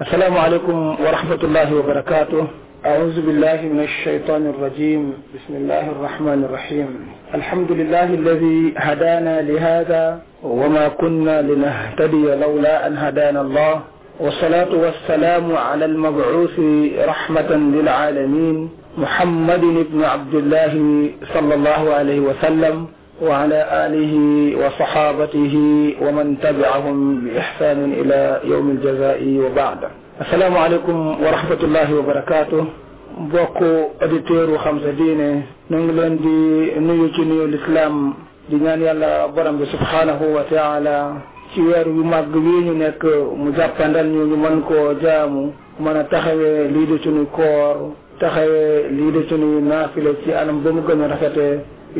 asalaamaaleykum wa rahmatullahi wa barakaatu. أعوذ بالله من الشيطان الرجيم بسم الله الرحمن الرحيم الحمد لله الذي هدانا لهذا وما كنا لنهتدي لولا أن هدانا الله والصلاة والسلام على المبعوث رحمة للعالمين محمد بن عبد الله صلى الله عليه وسلم وعلى آله وصحابته ومن تبعهم بإحسان إلى يوم الجزاء وبعد السلام عليكم ورحمة الله وبركاته mbokk auditeurs yu xam sa diine ñu ngi leen di nuyu ci nuyu lislaam di ñaan yàlla borom bi subhaanahu wa taala ci weer yu màgg wii ñu nekk mu jàppandal ñu ñu mën koo jaamu mën a taxawee lii di suñu koor taxawee lii de suñuy naafila ci anam ba mu gën a rafetee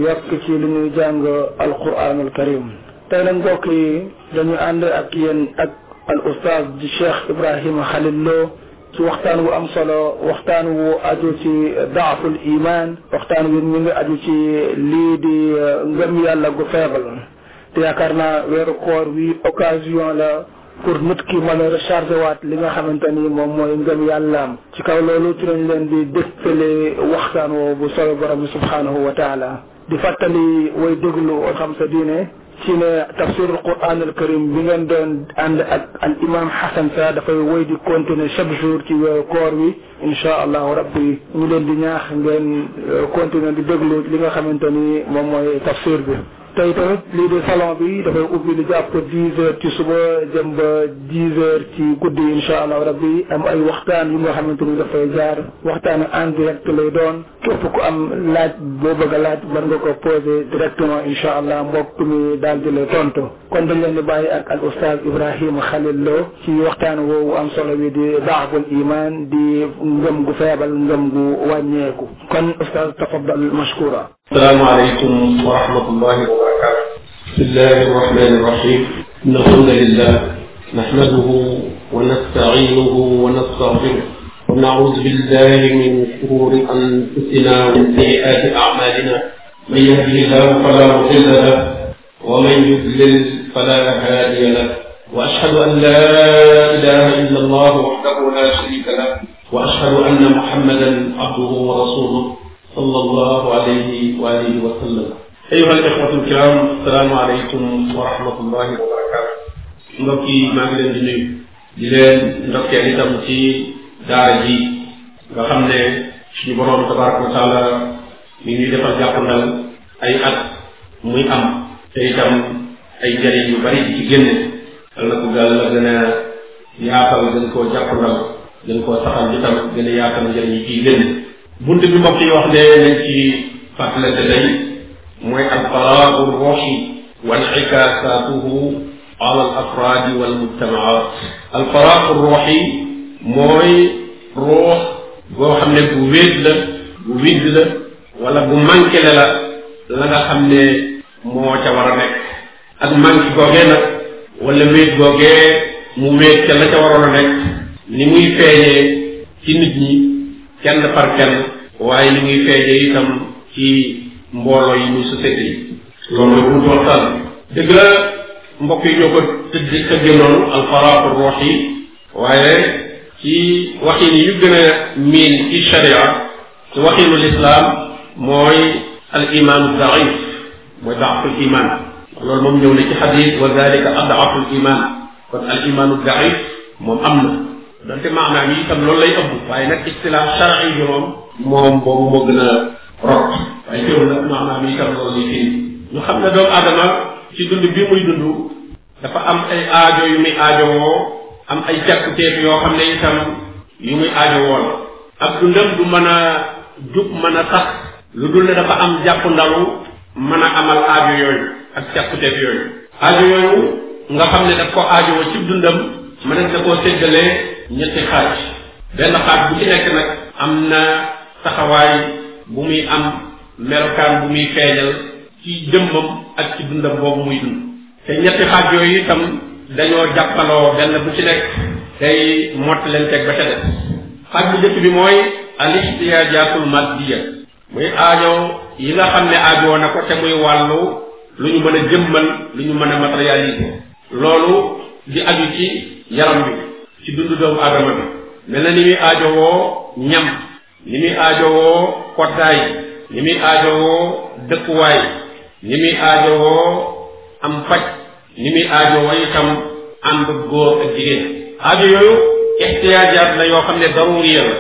yokk ci li ñuy jàng alquranul karim tey nag mbokk yi dañu ànd ak yéen ak al ustaaz di cheikh Ibrahima Khalil Lo ci waxtaan wu am solo waxtaan wu aju ci daaful iman waxtaan wi ñu ngi aju ci lii di uh, ngëm yàlla gu faible te yaakaar naa koor wi occasion la pour nit ki mën a waat li nga xamante ni moom mooy ngëm yàllaam ci kaw loolu ci lañ leen di dégtale waxtaan woowu bu solo borom subhaanahu wa taala di fàttali way déglu xam sa diine ci ne tafsirul quran al karim bi ngeen doon ànd ak al imam Hassan Sa dafay woy di continuer chaque jour ci weeru koor wi incha allahu rabbi ñu leen di ñaax ngeen euh, di déglu li nga xamante ni moom mooy tafsir bi tey tamit lii de salon bi dafay ubbi lu jàpp dix heures ti suba jëm ba dix heures ci guddi incha allah rabbi am ay waxtaan yu nga xamante ni dafay jaar waxtaan en direct lay doon képp ku am laaj boo bëgg a laaj mën nga ko poser directement incha allah mbokk mi daal di lay tontu kon dañ leen di bàyyi ak al oustaz Ibrahima Khalil Lo ci waxtaan woowu am solo bi di daaful iman di ngëm gu feebal ngëm gu wàññeeku kon oustaz tafaddal mashkura asalaamaaleykum wa rahmatullahi wa barakaatu bismillahi rahmani rahim inna alhamdulillah nahmaduhu wa nasta'inuhu wa nastaghfiruh wa na'udhu billahi min shururi anfusina wa min sayyi'ati a'malina man yahdihillahu fala mudilla lahu wa man yudlil fala hadiya lahu wa ashhadu an la ilaha illa allah wahdahu la sharika lahu wa ashhadu anna muhammadan abduhu wa rasuluh sallallahu alayhi wa alihi wa sallam ayuha al ixwatu alkiram asalaamu aleykum wa rahmatullahi wa barakatu mbokk yi maa ngi leen di nuyu di leen ndokkeel itam ci daara ji nga xam ne suñu boroom tabaraka wa taala mi ñuy defal jàppandal ay at muy am te itam ay njëriñ yu bari di ci génne al na ko gàll la gën a yaatal gën koo jàppandal gën koo saxal itam gën a yaatal njëriñ yi ciy génne bunt bi mbokk wax ne nañ ci fàttalante tey mooy alqarabu ruuxi wa inxicaasatuhu ala al afraadi wal mujtamaat alqarabu ruuxi mooy ruux boo xam ne bu wéet la bu wala bu manqué la la nga xam ne moo ca war a nekk ak manqué googee nag wala wéet googee mu wéet ca ca waroon a nekk ni muy feeñee ci nit ñi kenn par kenn waaye li muy feeñe itam ci mbooloo yi muy société yi loolu la buntu waxtaan dëgg la mbokk yi ñoo ko tëdd tëgge noonu alfaraatu ruux yi waaye ci waxin yu gën a miin ci sharia ci waxinu lislaam mooy al imaanu daif mooy daaful iman loolu moom ñëw na ci xadis wa dalika adaaful iman kon al imaanu daif moom am na donte maanaam yi itam loolu lay ëpp waaye nag istilaah shar'i bi moom moom boobu moo gën a rot waaye teewul nag maanaam yi itam loolu lay firi ñu xam ne doomu aadama ci dund bi muy dund dafa am ay aajo yu muy aajowoo am ay jàkkuteef yoo xam ne itam yu muy aajowoo la ak dundam du mën a jub mën a sax lu dul ne dafa am jàpp ndalu mën a amal ajo yooyu ak jàkkuteef yooyu aajo yooyu nga xam ne daf ko aajowoo ci dundam mënees na koo séddalee ñetti xaaj benn xaaj bu ci nekk nag am na taxawaay bu muy am melokaan bu muy feeñal ci jëmmam ak ci dundam boobu muy dund te ñetti xaaj yooyu itam dañoo jàppaloo benn bu ci nekk day mott leen teg ba ca xaaj bu njëkk bi mooy al ihtiyaajatul maddiya muy aajo yi nga xam ne aajoo na ko te muy wàllu lu ñu mën a jëmmal lu ñu mën a matérialiser loolu di aju ci yaram bi ci dundu doomu aadama bi mel na ni muy aajowoo ñam ni muy aajowoo koddaay ni muy aajowoo dëkkuwaay ni muy aajowoo am faj ni muy aajowoo itam ànd góor ak jigéen aajo ixtiyaajaat la yoo xam ne daruriya la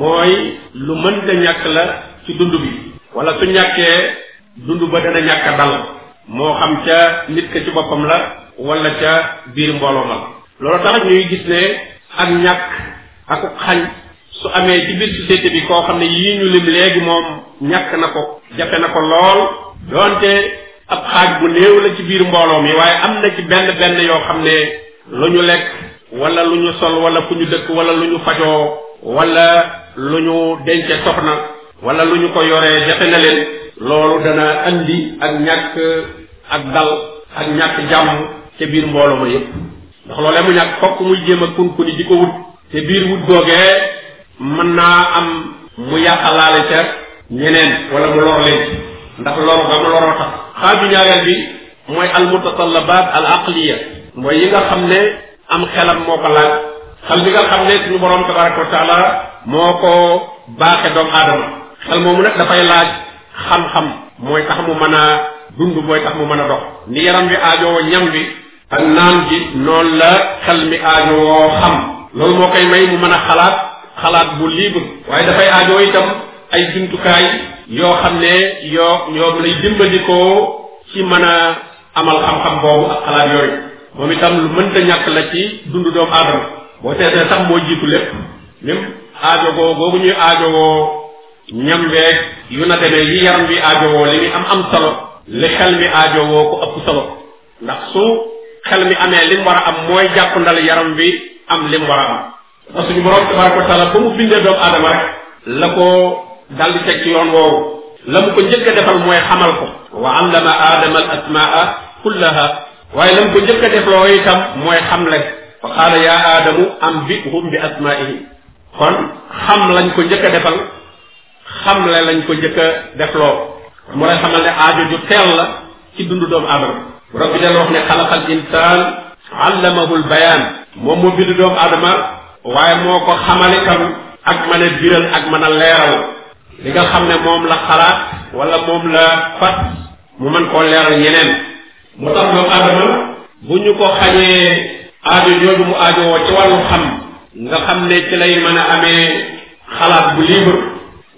mooy lu mënta ñàkk la ci dund bi wala su ñàkkee dund ba dana ñàkk dal moo xam ca nit ka ci boppam la wala ca biir mbooloo ma la loolu tax ñuy gis ne ak ñàkk ak xañ su amee ci biir société bi koo xam ne yii ñu lim léegi moom ñàkk na ko jafe na ko lool doonte ab xaaj bu néew la ci biir mbooloom mi waaye am na ci benn benn yoo xam ne lu ñu lekk wala lu ñu sol wala ku ñu dëkk wala lu ñu fajoo wala lu ñu dence soxna wala lu ñu ko yoree jafe na leen loolu dana andi ak ñàkk ak dal ak ñàkk jàmm ca biir mbooloo ma yépp ndax loolee mu ñàkk fokk muy jéem a di ko wut te biir wut googee mën naa am mu yàqalaale ca ñeneen wala mu lor leen ndax loru nga mu loroo tax xaaju ñaareel bi mooy al mutatallabaat al aqliya mooy yi nga xam ne am xelam moo ko laaj xel bi nga xam ne suñu borom tabaraka wa taala moo ko baaxe doomu aadama xel moomu nag dafay laaj xam-xam mooy tax mu mën a dund mooy tax mu mën a dox ni yaram bi aajoo ñam bi ak naan gi noonu la xel mi aajowoo xam loolu moo koy may mu mën a xalaat xalaat bu libre waaye dafay aajoo itam ay jumtukaay yoo xam ne yoo yoo lay dimbali ko ci mën a amal xam-xam boobu ak xalaat yooyu moom itam lu mënta ñàkk la ci dundu doomu aadama boo seetee sax moo jiitu lépp même aajowoo boobu ñuy aajowoo ñam beeg yu na demee yi yaram bi aajowoo li muy am am solo li xel mi aajowoo ko ëpp solo ndax su xel mi amee lim war a am mooy jàpp ndal yaram bi am lim war a am parce que suñu borom tabaraka ba mu bindee doomu aadama rek la ko dal di teg ci yoon woowu la mu ko njëkk a defal mooy ko wa allama aadama waaye la ko njëkk a defloo itam mooy xamle fa qaala yaa aadamu am bi hum bi asmaihim kon xam lañ ko njëkk a defal xamle lañ ko njëkk a defloo mu lay xamal ne aajo teel la ci dundu doomu aadama borom bi dana wax ne xalaqal insaan allamahul bayaan moom moo bind doomu aadama waaye moo ko xamale kam ak mën a biral ak mën a leeral li nga xam ne moom la xalaat wala moom la fat mu mën koo leeral yeneen moo tax doomu aadama bu ñu ko xañee aajo jooju mu aajowoo ci wàllu xam nga xam ne ci lay mën a amee xalaat bu libre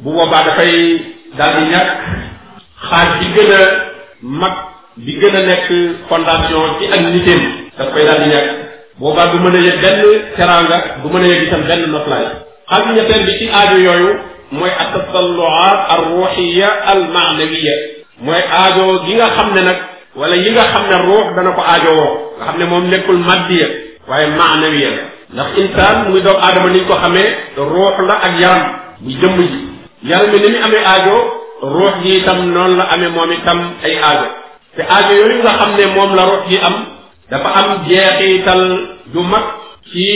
bu boobaa dafay daal di ñàkk xaaj bi gën a mag bi gën a nekk fondation ci ak nitéem daf koy daal di ñàkk boobaa du mën a yëg benn teraanga du mën a yëg itam benn noflaay xam ñetteel bi xam ne nag wala yi nga xam ne ruux dana ko aajo woo nga xam ne moom nekkul maddiya waaye maanawiya ndax insaan muy doomu aadama ni ko xamee ruux la ak yaram muy jëm ji yaram mi ni mu amee aajo ruux gi itam noonu la amee moom itam ay aajo te aajo yooyu nga xam ne moom la rox yi am dafa am jeexital ju mag ci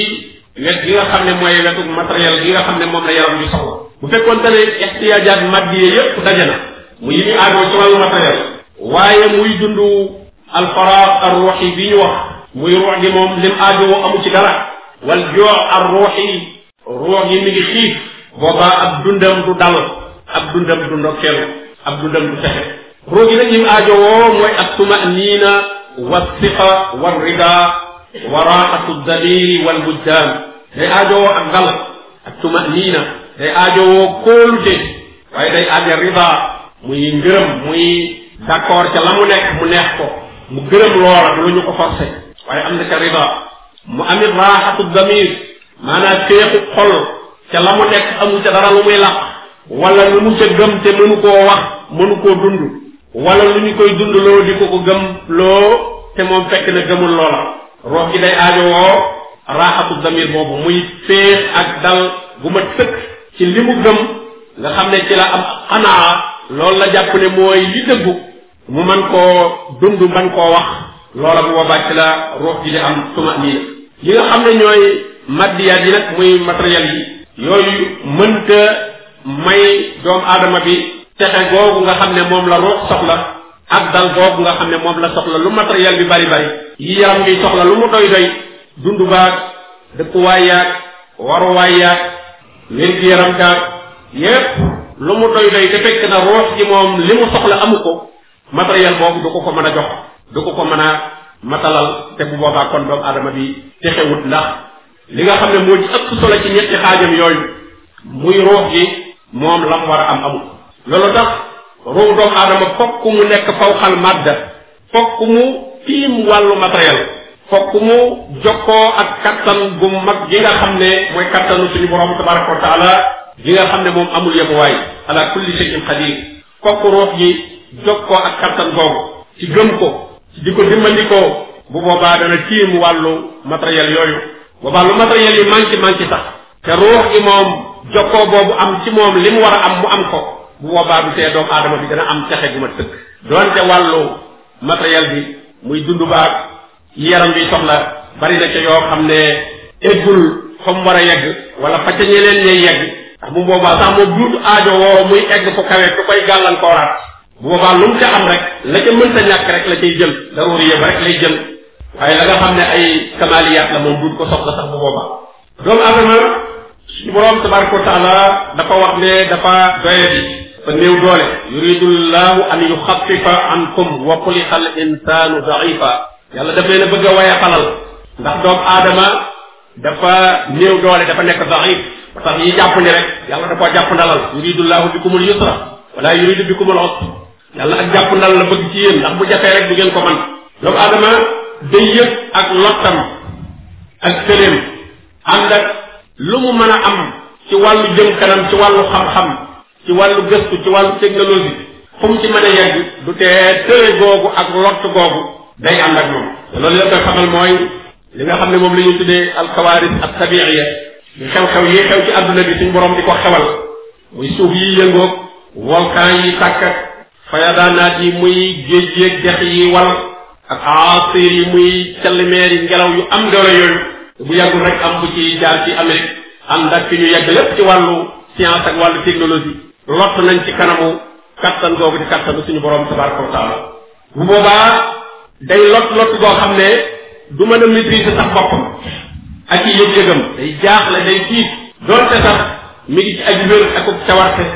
wet gi nga xam ne mooy wetu matériel gi nga xam ne moom la yaram bi soxla bu fekkoonte ne ixtiyaajaat maddiye yépp daje na mu yi ñu aajoo ci wàllu matériel waaye muy dund alfaraax ar ruuxi bi ñu wax muy ruux gi moom lim aajoo amu ci dara wal joox ar ruuxi ruux yi mi ngi xiif boobaa ab dundam du dal ab dundam du ndokkeelu ab dundam du fexe ruux yi nag ñi mu aajowoo mooy attumanina walsiqa walrida wa raxatu damiri walwujdan day aajowoo ak dal attumanina day aajowoo kóolute waaye day aajo rida muy ngërëm muy d'accord ca la mu nekk mu neex ko mu gërëm loola lu ñu ko forcé waaye am na ca rida mu amit raxatu damir maanaam téexu xol ca la amul ca dara lu muy làq wala lu mu ca gëm te mënu koo wax mënu koo dund wala lu ñu koy loo di ko ko gëm loo te moom fekk na gëmul loola rox gi day aajowoo raaxatu damir boobu muy féex ak dal gu ma tëkk ci li mu gëm nga xam ne ci la am xanaa loolu la jàpp ne mooy li dëggu mu man koo dund man koo wax loola bu boobaa ci la rox gi di am tuma nii yi nga xam ne ñooy maddiyaat yi nag muy matériel yi yooyu mënta may doom aadama bi texe googu nga xam ne moom la ruux soxla ak dal googu nga xam ne moom la soxla lu matériel bi bari bari yi yaram bi soxla lu mu doy doy dundu baag dëkkuwaay yaag waruwaay yaag wér-gi-yaram yépp lu mu doy doy te fekk na ruux ci moom li mu soxla amu ko matériel boobu du ko ko mën a jox du ko ko mën a matalal te bu boobaa kon doomu aadama bi texewut ndax li nga xam ne moo ci ëpp solo ci ñetti xaajam yooyu muy ruux gi moom la mu war a am amut loolu tax ruu doomu aadama fokk mu nekk fawxal madda fokk mu tiim wàllu matériel fokk mu jokkoo ak kattan gu mag gi nga xam ne mooy kattanu suñu borom tabaraka wa taala gi nga xam ne moom amul yemuwaay ala kulli shay'in qadir fokk ruux gi jokkoo ak kattan googu ci gëm ko ci di ko dimbandikoo bu boobaa dana tiim wàllu matériel yooyu boobaa lu matériel yi manqué manqué sax te ruux gi moom jokkoo boobu am ci moom li mu war a am mu am ko bu boobaa du tee doomu aadama bi dana am texe gu ma tëkk doonte wàllu matériel bi muy dund baag yaram bi soxla bari na ca yoo xam ne eggul fa mu war a yegg wala fa ca ñeneen ñay yegg ndax bu boobaa sax moom duutu aajo woo muy egg fu kawe du koy gàllankooraat bu boobaa lu mu ca am rek la ca mënta ñàkk rek la cay jël daruriya ba rek lay jël waaye la nga xam ne ay kamaliyaat la moom duut ko soxla sax bu boobaa doomu aadama suñu borom tabaraka wa taala fa néew doole yuridullahu an yuxafifa ankum wa xuliqal insaanu daifa yàlla daf leen a bëgg a waye xalal ndax doomu aadama dafa néew doole dafa nekk daif ba tax yi jàpp ni rek yàlla da koo jàpp ndalal yuridullahu bikumul yusra wala yuridu bikumul usra yàlla ak jàpp ndal la bëgg ci yéen ndax bu jafee rek du ngeen ko man doomu aadama day ak lottam ak sëleem ànd ak lu mu mën a am ci wàllu jëm kanam ci wàllu xam-xam ci wàllu gëstu ci wàllu technologie fu mu ci mën a yegg du tee tële googu ak lott googu day ànd ak moom loolu la koy xamal mooy li nga xam ne moom li ñuy tuddee alkawaaris ak tabiiya yu xew-xew yi xew ci àdduna bi suñ borom di ko xewal muy suuf yi yëngoog volcan yi tàkk fayadaanaat yi muy géej géej dex yi wal ak asir yi muy callimeer yi ngelaw yu am doole yooyu bu yàggul rek am bu ci jaar ci Amérique am ak fi ñu yegg lépp ci wàllu science ak wàllu technologie lott nañ ci kanamu kattan googu di kattanu suñu borom tabaraka wa taala bu boobaa day lott lott goo xam ne du mën a maîtriser sax boppam ak yi yëg-yëgam day jaaxle day tiit doonte sax mi ngi ci ak wér akub cawarte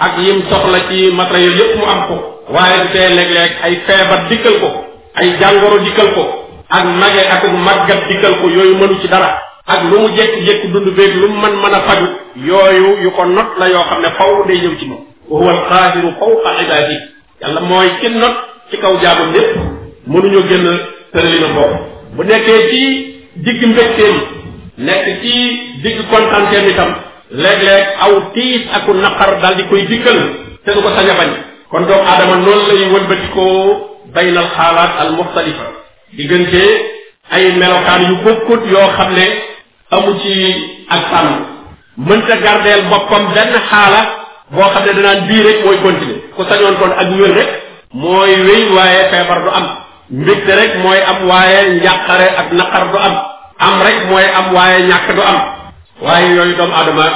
ak yim soxla ci matériel yëpp mu am ko waaye du tee léeg-léeg ay feebar dikkal ko ay jàngoro dikkal ko ak mage ak màggat dikkal ko yooyu mënu ci dara ak lu mu jékki-jékki dund beeg lu mu mën a faju yooyu yu ko not la yoo xam ne faw day ñëw ci moom wa huwa alqaadiru fawqa ibaadi yàlla mooy ki not ci kaw jaamam lépp mënuñoo génn tërali na bopp bu nekkee ci digg mbégteem nekk ci digg kontanteem itam léeg-léeg aw tiis aku naqar daal di koy dikkal te du ko sañ a bañ kon doomu aadama noonu lay wëlbatikoo baynal xaalaat al muxtalifa diggante ay melokaan yu bokkut yoo xam ne amu ci ak sànn mënta gardeel boppam benn xaala boo xam ne danaan bii rek mooy continuer ku sañoon kon ak wér rek mooy wéy waaye feebar du am mbégte rek mooy am waaye njàqare ak naqar du am am rek mooy am waaye ñàkk du am waaye yooyu doomu aadama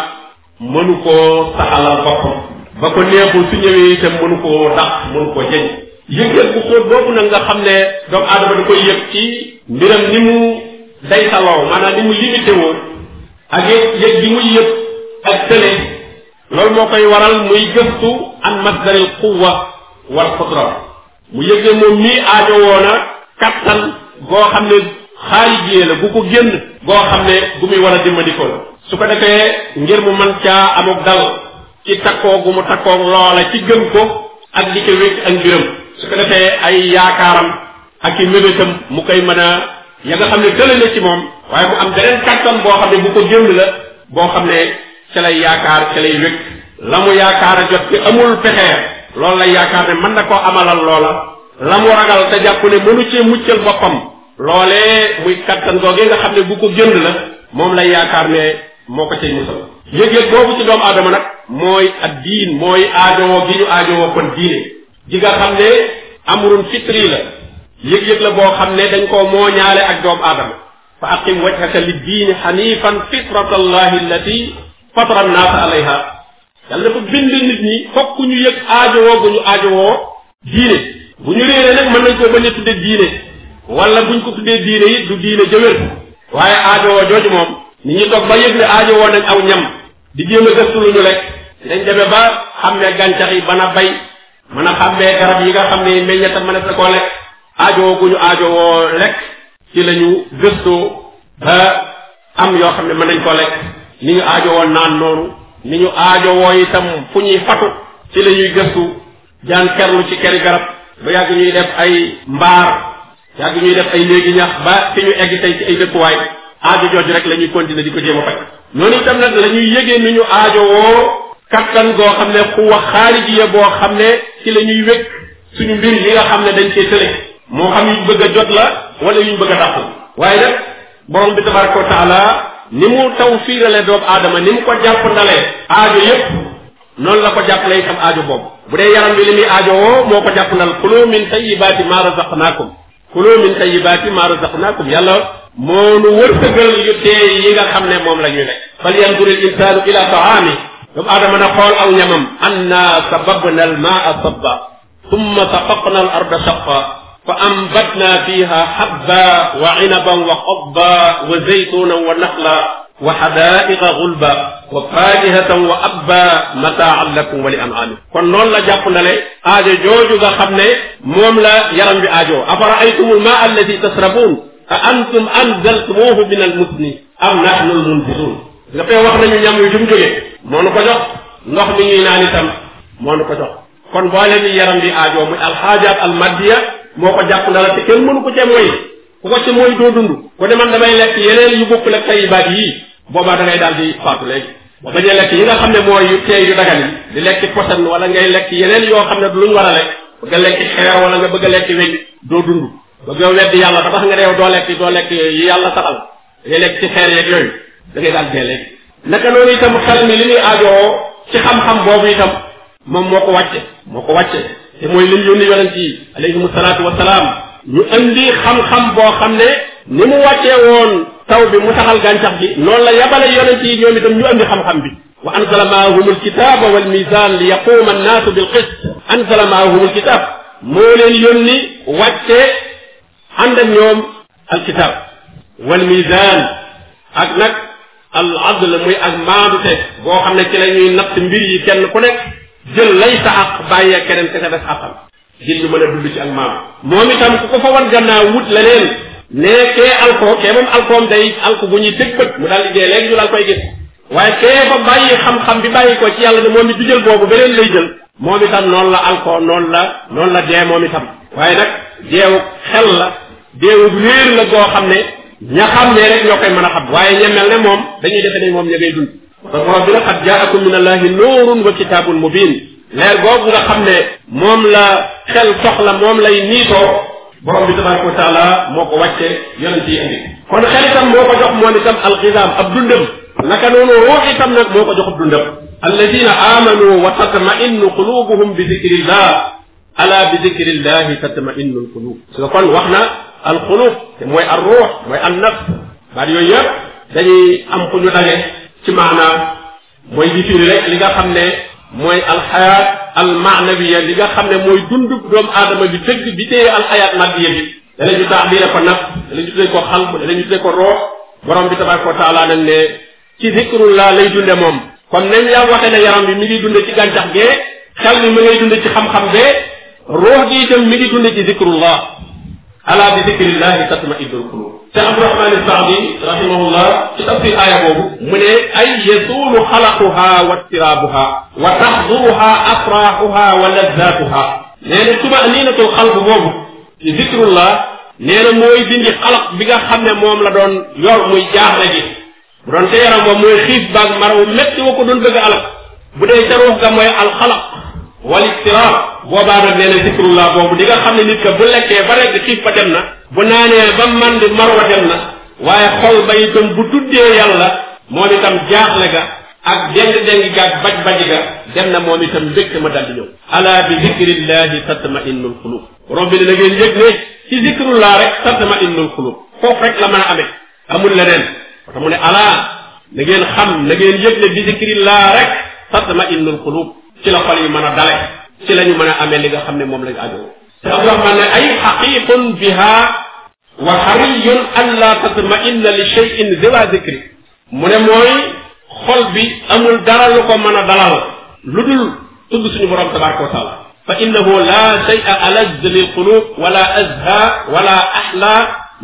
mënu koo saxalal boppam ba ko neexul su ñëwee itam mënu koo dàq mënu koo jëñ yëg bu xóot boobu nag nga xam ne doomu aadama da koy yëg ci mbiram ni mu day saloo maanaam ni mu limité woo ak yëg bi muy yëg ak tële loolu moo koy waral muy gëstu an masdaril quwa wal qudra mu yëg ne moom mii aajo woona kattan goo xam ne xaarijee la bu ko génn goo xam ne bu muy war a dimbandikoo la su ko defee ngir mu man caa amuk dal ci takkoo gu takkoog loola ci gën ko ak di ko wékk ak mbiram su ko defee ay yaakaaram ak i mébétam mu koy mën a ya nga xam ne tële ci moom waaye am beneen kattan boo xam ne bu ko jënd la boo xam ne ca lay yaakaar ca lay yaakaar a jot amul pexeer loolu lay yaakaar ne mën na koo amalal loola la mu ragal te jàpp ne mënu cee muccal boppam loolee muy nga xam ne bu ko jënd la moom lay yaakaar ne moo ko cay musal yëg-yëg boobu ci doomu aadama nag mooy ak diin mooy aajowoo gi ñu aajowoo kon diine ji nga xam ne amrun fitri la yëg-yëg la boo xam ne dañ koo mooñaale ak doomu aadama fa aqim wajhaka li diini xanifan fitrata allahi allati fatara annaasa alayha yàlla dafa bind nit ñi fokk ñu yëg aajowoo gu ñu aajowoo diine bu ñu réeree nag mën nañ koo bañ tudde diine wala buñ ko tuddee diine it du diine jëwér waaye aajowoo jooju moom nit ñi toog ba yëg ne aajowoo nañ aw ñam di jéem a gëstu lu ñu dañ demee ba xam ne gàncax yi mën a bay mën a xàmmee garab yi nga xam ne meññetam mën aajowoo gu ñu aajowoo lekk ci lañu ñu gëstoo ba am yoo xam ne mën nañ koo lekk ni ñu aajowoo naan noonu ni ñu aajowoo itam fu ñuy fatu ci la ñuy gëstu jaan kerlu ci keri garab ba yàgg ñuy def ay mbaar yàgg ñuy def ay néegi ñax ba fi ñu egg tey ci ay dëkkuwaay aajo jooju rek la ñuy continuer di ko jéem a faj noonu itam nag la ñuy yëgee ni ñu aajowoo kattan goo xam ne xuwa xaarijiya boo xam ne ci la ñuy wékk suñu mbir yi nga xam ne dañ cee tële moo xam yuñ bëgg a jot la wala yuñ bëgg a dàq waaye nag borom bi tabaraka wa taala ni mu taw fiirale doomu aadama ni mu ko jàpp ndalee aajo yépp noonu la ko jàppale itam aajo boobu bu dee yaram bi li muy aajo woo moo ko jàpp ndal kulu min tayibaati maa razaqnaakum kulu min tayibaati maa razaqnaakum yàlla moo nu wërsëgal yu tee yi nga xam ne moom la ñuy nekk fal yanduril insaanu ila taami doomu aadama na xool aw ñamam anna sababna al maa sabba summa saqaqna al arda shaqa fa ambatna fiha habba wa inaban wa qobba wa zaytunan wa naxla wa xadaaiqa gulba wa faakihatan wa abba mataan lakum wa li an'aamikum kon noonu la jàpp ndale aajo jooju nga xam ne moom la yaram bi aajo afara'aytumul maa alladi tasrabuun a antum anzaltumuuhu min almusni am nahnu almunziluun nga fee wax nañu ñam yu jum jóge moo nu ko jox ndox mi ñuy naan itam moo nu ko jox kon boole mi yaram bi aajo muy alxaajaat almaddiya moo ko jàpp la te kenn mënu ko cee moy ku ko ci mooy doo dund ko ne man damay lekk yeneen yu bokkul ak tayyibaat yii boobaa da ngay daal di faatu léegi ba bañ a lekk yi nga xam ne mooy yu teey yu dagan yi di lekk posen wala ngay lekk yeneen yoo xam ne du luñ war a lekk bëgg a lekk xeer wala nga bëgg a lekk weñ doo dund bëgg a weddi yàlla da tax nga reew doo lekk doo lekk yi yàlla saxal ngay lekk ci xeer yeeg yooyu da ngay daal dee léegi naka noonu itam xel mi li muy aajoo ci moom moo ko wàcce moo ko wàcce te mooy lim yónni yonent yi alayhimu salaatu wasalaam ñu indi xam-xam boo xam ne ni mu wàccee woon taw bi mu taxal gàncax gi noonu la yabale yonent yi ñoom itam ñu indi xam-xam bi wa anzala maahum alkitaba walmisan li yaquuma annaasu bilqist anzala maahum alkitab moo leen yónni wàcce ànd ak ñoom alkitab walmisan ak nag al adl muy ak maadute boo xam ne ci la ñuy natt mbir yi kenn ku nekk jël lay sa àq bàyyee keneen ka ca des àqam ngir ñu mën a dund ci ak maam moom itam ku ko fa war gannaaw wut leneen ne kee alko kee moom alkoom day alko bu ñuy tëg bët mu daal liggéey léegi ñu daal koy gis waaye kee fa bàyyi xam-xam bi bàyyi ko ci yàlla ne moom it du jël boobu beneen lay jël moom itam noonu la alko noonu la noonu la dee moom itam waaye nag deewu xel la deewu réer la goo xam ne ña xam ne rek ñoo koy mën a xam waaye ña mel ne moom dañuy defe ne moom ña ngay dund kon borom bi ne xat jaakum min allahi nuurun wa kitaabun mubin leer googu nga xam ne moom la xel soxla moom lay niitoo borom bi tabaraka wa taala moo ko wàcce yonent yi indi kon xel itam moo ko jox moom itam alxisaam ab dundam naka noonu ruux itam nag moo ko jox ab dundam alladina amanu wa tatmainnu qulubuhum bi dikrillah ala bi dikrillah tatmainnu alqulub su nga kon wax na alqulub te mooy ar ruux mooy an nafs baat yooyu yëpp dañuy am ku ñu daje ci maanaa mooy di firi rek li nga xam ne mooy alxayaat almaanawiya li nga xam ne mooy dundu doomu aadama bi dëgg bi téye alxayaat maddiya bi danañu taxbiire ko naf danañu tuddee ko xalb danañu tuddee ko roox borom bi tabaraka wa taala dañ ne ci zikrullah lay dunde moom kon nañ la waxee ne yaram bi mi ngi dunde ci gàncax gee xel mi mi ngay dunde ci xam-xam bee roox gi itam mi ngi dunde ci zikrullah ala bi zikrillahi tatma'innul qulub te Abdurahman as-Saadi rahimahullah ci tafsir aaya boobu mu ne ay yasuulu xalaquha wa tirabuha wa taxduruha afraxuha wa lazzatuha nee na tumaninatul xalb boobu ci zikrullah nee na mooy dindi xalaq bi nga xam ne moom la doon yor muy jaaxle gi bu doon te yaram ba mooy xiif baag maraw metti wa ko doon bëgg alak bu dee ca ruux ga mooy alxalaq wal iftirar boobaa nag nee na zikrullah boobu di xam ne nit ka bu lekkee ba rekk xiif ba dem na bu naanee ba man di mar wa dem na waaye xol ba itam bu tuddee yàlla moom itam jaaxle ga ak déng-déng ga ak baj-baj ga dem na moom itam mbégte ma daldi ñëw ala bi zikrillahi tatma'innul qulub borom bi ne na ngeen yëg ne ci zikrullah rek tatma'innul qulub foofu rek la mën a amee amul leneen wata mu ne ala na ngeen xam na ngeen yëg ne bi zikrillah rek tatma'innul qulub ci la xol yi mën a dale ci la ñu mën a amee li nga xam ne moom lañu ajoo te abdourahman ne ay xaqiqun biha wa xariyun an la tatmainna li cheyin ziwa zikri mu ne mooy xol bi amul dara lu ko mën a dalal lu dul tudd suñu borom tabaraka wa taala fa innahu la shay'a alaz lil qulub wala azha wala ahla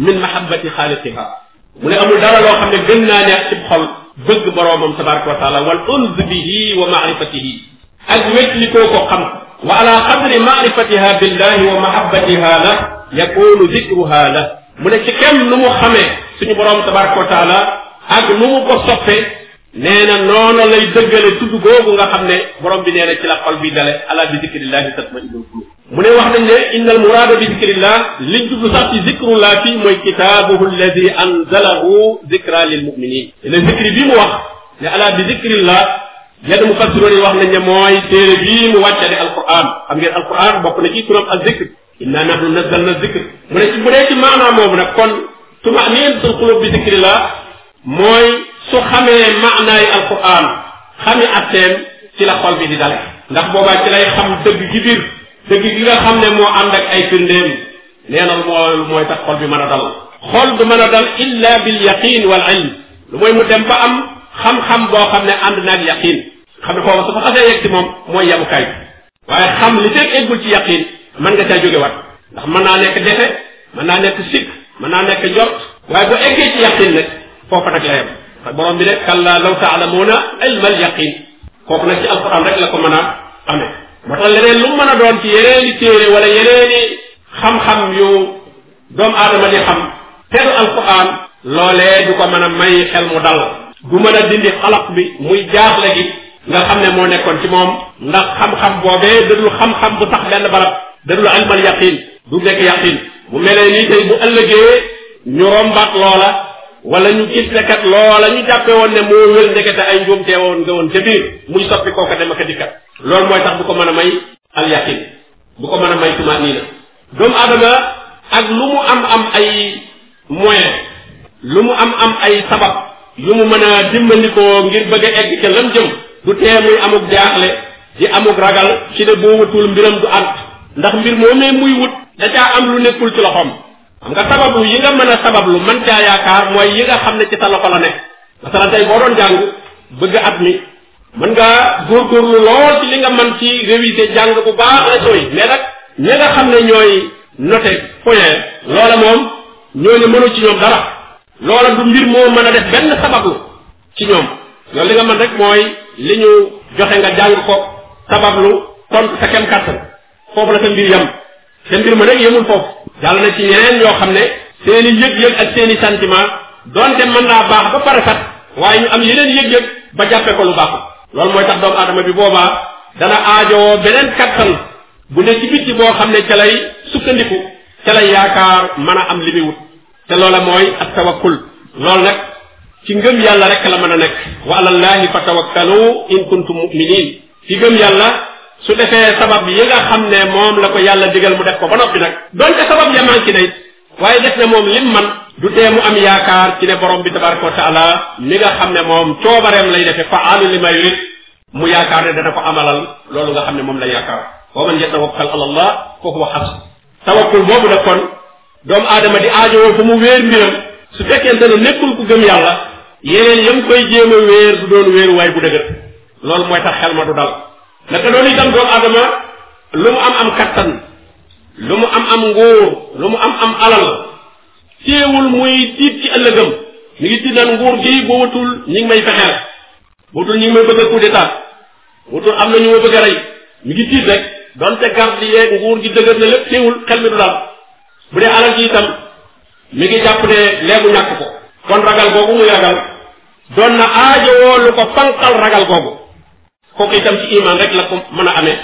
min mahabbati xaaliqiha mu ne amul dara loo xam ne gën naa neex ci xol bëgg boroomam tabaraka wa taala wal unz bihi wa maarifatihi ak wétlikoo ko xam wa ala qadri maarifatiha billahi wa mahabbatiha la yakunu dikruha la mu ne ci kem nu mu xamee suñu borom tabaraka wa taala ak nu mu ko soppe nee na noonu lay dëggale tudd nga xam ne borom bi nee na ci la xol bi dale ala bi zikrillahi tatma innul qulub mu ne wax nañ ne innal muraada bi zikrillah liñ jublu sax ci zikrullah fii mooy kitaabuhu alladi anzalahu zikra lil muminin ne zikri bi mu wax ne ala bi zikrillah ñenn mufassiroon yi wax nañ ne mooy téere bii mu wàcce di alquran xam ngeen alquran bokk na ci na ak zikr inna nahnu nazzalna zikr mu ne ci bu dee ci maanaam boobu nag kon tuma'ninatul qulub bi zikrillah mooy su xamee maanaay alquran xami atteem ci la xol bi di dale ndax boobaa ci lay xam dëgg ci biir dëgg gi nga xam ne moo am ak ay firndeem nee na loolu mooy tax xol bi mën a dal xol du mën a dal illa bil yaqin wal ilm lu xam-xam boo xam ne ànd naag yaqin xam ne foofu su fa xasee yegg ci moom mooy yabukaay waaye xam li fekk eggul ci yaqin mën nga caa jóge wat ndax mën naa nekk defe mën naa nekk sikk mën naa nekk njort waaye bu eggee ci yaqin rek foofa nag la yem te borom bi ne kalla law taalamuuna kooku nag ci alquran rek la ko mën a amee moo tax leneen lu mu mën a doon ci yeneeni téere wala yeneeni xam-xam yu doomu aadama di xam te du alquran loolee du ko mën a xel mu dal du mën a dindi xalaq bi muy jaaxle gi nga xam ne moo nekkoon ci moom ndax xam-xam boobee dadul xam-xam bu tax benn barab dadul almal yaqin du nekk yaqin bu melee nii tey bu ëllëgee ñu rombaat loola wala ñu gis ne kat loola ñu jàppe woon ne moo wér ndekete ay njuum teewoon nga woon ca biir muy soppi kooka dem ak dikkat loolu mooy tax du ko mën a may al yaqin du ko mën a may tumaat nii na doomu aadama ak lu mu am am ay moyen lu mu am am ay sabab yu mu mën a dimbandikoo ngir bëgg a egg ca lam jëm du tee muy amug jaaxle di amug ragal ci ne boo wutul mbiram du ànd ndax mbir moomee muy wut da caa am lu nekkul ci loxoom xam nga sabablu yi nga mën a sabablu man caa yaakaar mooy yi nga xam ne ci sa loxo la nekk masalan tey boo doon jàng bëgg at mi mën nga góorgóorlu lool ci li nga mën ci réviser jàng bu baax la sooy mais nag ñi nga xam ne ñooy noté point loola moom ñooñu mënu ci ñoom dara loola du mbir moo mën a def benn sabablu ci ñoom yow li nga mën rek mooy li ñu joxe nga jàng ko sabablu tontu sa kem kàttan foofu la sa mbir yam te mbir ma nag yemul foofu jàll na ci ñeneen yoo xam ne seeni yëg-yëg ak seeni sentiment donte mën naa baax ba pare fat waaye ñu am yeneen yëg-yëg ba jàppe ko lu baaxul loolu mooy tax doomu aadama bi boobaa dana aajowoo beneen kattan bu ne ci bitti boo xam ne ca sukkandiku ca yaakaar mën a am li te loola mooy at tawakkul loolu nag ci ngëm yàlla rek la mën a nekk wa alallahi fa tawakkalu in kuntum muminin ci ngëm yàlla su defee sabab yi nga xam ne moom la ko yàlla digal mu def ko ba noppi nag donte sabab ya manqué na it waaye def na moom lim man du tee am yaakaar ci ne borom bi tabaraka wa taala mi nga xam ne moom coobareem lay defee faalu li ma yurid mu yaakaar ne dana ko amalal loolu nga xam ne moom la yaakaar wa man yatawakkal ala allah fa huwa doomu aadama di aajowoo fa mu wéer mbiram su fekkente ne nekkul ku gëm yàlla yeneen yam koy jéem a wéer du doon wéeru waay bu dëgër loolu mooy tax xel ma du dal naka doon itam doomu aadama lu mu am am kattan lu mu am am nguur lu mu am am alal téewul muy tiit ci ëllëgam mu ngi tiit naan nguur gi boo watul ñi may fexeel boo watul ñi ngi may bëgg a coup d'état wutul am na ñu ma bëgg a rey mi ngi tiit rek donte garde yeeg nguur gi dëgër na lépp téewul xel mi du dal bu dee alal ji itam mi ngi jàpp ne léegu ñàkk ko kon ragal googu muy ragal doon na aajowoo lu ko fanqal ragal googu kooku itam ci iman rek la ko mën a amee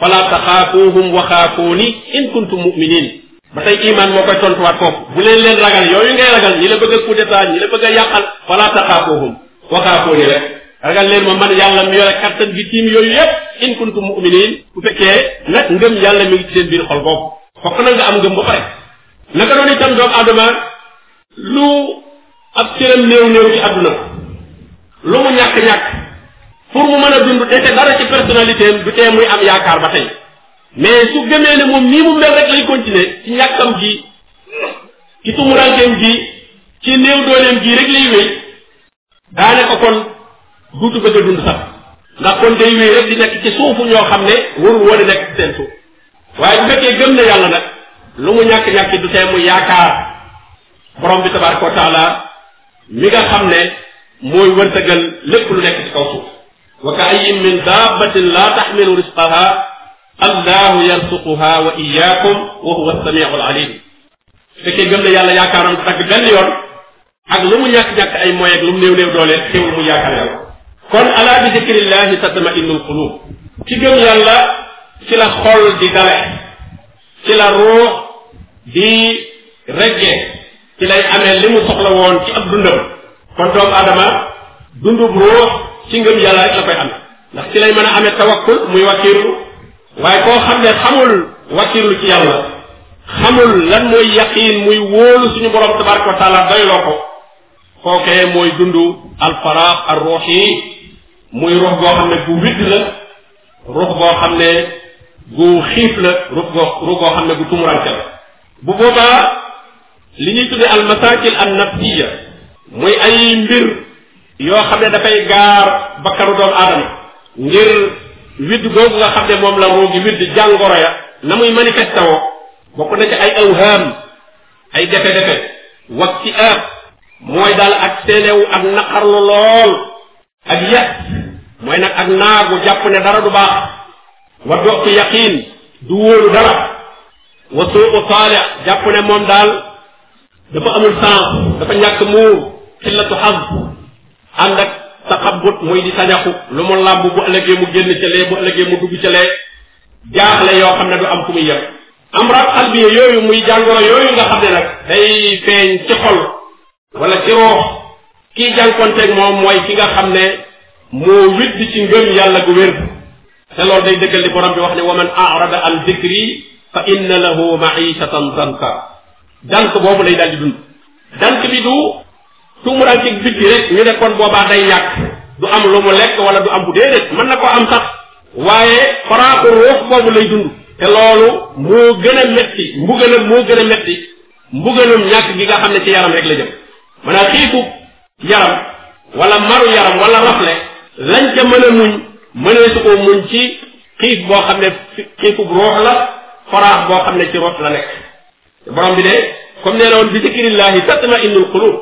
fala taxaafuuhum wa xaafuuni in kuntum muminin ba tey iman moo koy tontuwaat foofu bu leen leen ragal yooyu ngay ragal ñi la bëgg a coup d'état ñi la bëgg a yàqal fala taxaafuuhum wa xaafuuni rek ragal leen ma man yàlla mi yore kattan gi yooyu yépp in kuntum muminin bu fekkee nag ngëm yàlla mi ngi ci seen biir xol fokk na nga am ngëm ba pare naka noonu itam doomu néew néew ci àdduna lu mu ñàkk-ñàkk pour mu mën a dund dese dara ci personnalité du tee muy am yaakaar ba tey mais su gëmee ne moom nii mu mel rek lay continuer ci ñàkkam gi ci tumurankeem gi ci néew dooleem gi rek lay wéy daanaka kon duutu bëgg a dund sax ndax kon day wéy rek di nekk ci suufu ñoo xam ne warul woon a nekk seen suuf waaye bu fekkee gëm na yàlla nag lu mu ñàkk-ñàkk du tee mu yaakaar borom bi tabaraka wa taala mi nga xam ne mooy wërtëgal lépp lu nekk ci kaw suuf wa ka ayin min dabbatin la taxmilu risqaha allahu yarsuquha wa iyakum wa huwa samiu alalim fekkee gëm na yàlla yaakaaram tagg benn yoon ak lu mu ñàkk-ñàkk ay moy ak lu mu néew néew doole xéewul mu yaakaar yàlla kon ala bi zikrillahi tatma innul qulub ci gëm yàlla ci la xol di dawe ci la ruux di regge ci lay amee li mu soxla woon ci ab dundam kon doomu dundub ruux ci ngëm yàlla la koy am ndax ci lay mën a amee tawakkul muy wakkiirlu waaye koo xam ne xamul wakkiirlu ci yàlla xamul lan mooy yaqiin muy wóolu suñu borom tabaraka wa doyloo ko kookee mooy dundu alfaraax ar muy ruux boo xam ne bu widd la ruux boo xam ne gu xiif la ruux goo ruux goo xam ne gu tumuranke la bu boobaa li ñuy tuddee al masakil an nafsiya muy ay mbir yoo xam ne dafay gaar bakkanu doomu aadama ngir widd googu nga xam ne moom la ruu gi widd jàngoro ya na muy manifesté woo bokk na ci ay awhaam ay defe-defe wak ci aab mooy dal ak seenewu ak naqarlu lool ak yet mooy nag ak naagu jàpp ne dara du baax wa doq yaqin du wóolu dara wa suuqu saale jàpp ne moom daal dafa amul sens dafa ñàkk muur xillatu xas ànd ak taxabut muy di sañaxu lu mu làmb bu ëllëgee mu génn ca lee bu ëllëgee mu dugg ca jaaxle yoo xam ne du am fu muy yem amraat xalbi yooyu muy jàngoro yooyu nga xam ne nag day feeñ ci xol wala ci roox kii jànkonteeg moom mooy ki nga xam ne moo widd ci ngëm yàlla gu wér te loolu day dëggal li borom bi wax ne wa man arada an dikri fa inna lahu maishatan danka dank boobu lay daal di dund bi du tumuraanke ñu ne kon boobaa day ñàkk du am mu lekk wala du am bu déedéet mën na ko am sax waaye lay dund te loolu moo gën a metti mbugalam moo gën a metti mbugalum ñàkk gi nga xam ne ci yaram rek la jëm maanaam xiifu wala maru yaram wala mën muñ mënee su ko muñ ci xiif boo xam ne xiifub ruux la faraax boo xam ne ci ruux la nekk borom bi ne comme nee na woon bi zikrillahi tatma innul qulub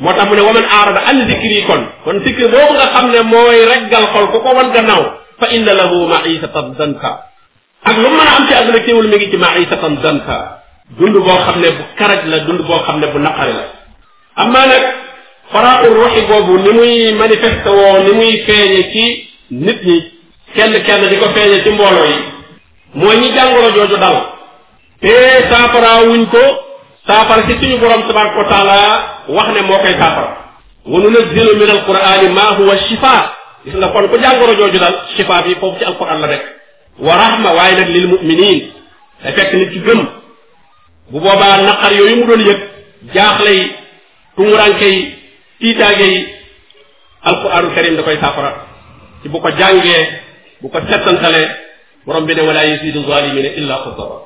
moo tax mu ne waman aarada an zikri kon kon zikri boobu nga xam ne mooy reggal xol ku ko wan gannaaw fa inna lahu maisatan danka ak lu mën a am ci àdduna teewul mi ngi ci maisatan danka dund boo xam ne bu karaj la dund boo xam ne bu naqari la amaa nag faraaxul ruuxi boobu ni muy manifesté ni muy feeñe nit ñi kenn kenn di ko feeñe ci mbooloo yi mooy ñi jàngoro jooju dal te saafara wuñ ko saafara ci suñu borom tabaraka wa taala wax ne moo koy saafara wa nunazzilu min alqurani ma huwa shifa gis nga kon ku jàngoro jooju dal shifa bi foofu ci alquran la rek wa rahma waaye nag lil muminin da fekk nit ki gëm bu boobaa naqar yooyu mu doon yëg jaaxle yi tumuranke yi tiitaage yi alquranu karim da koy saafara ci bu ko jàngee bu ko settantalee borom bi ne walaa yasidu zalimina illa xusara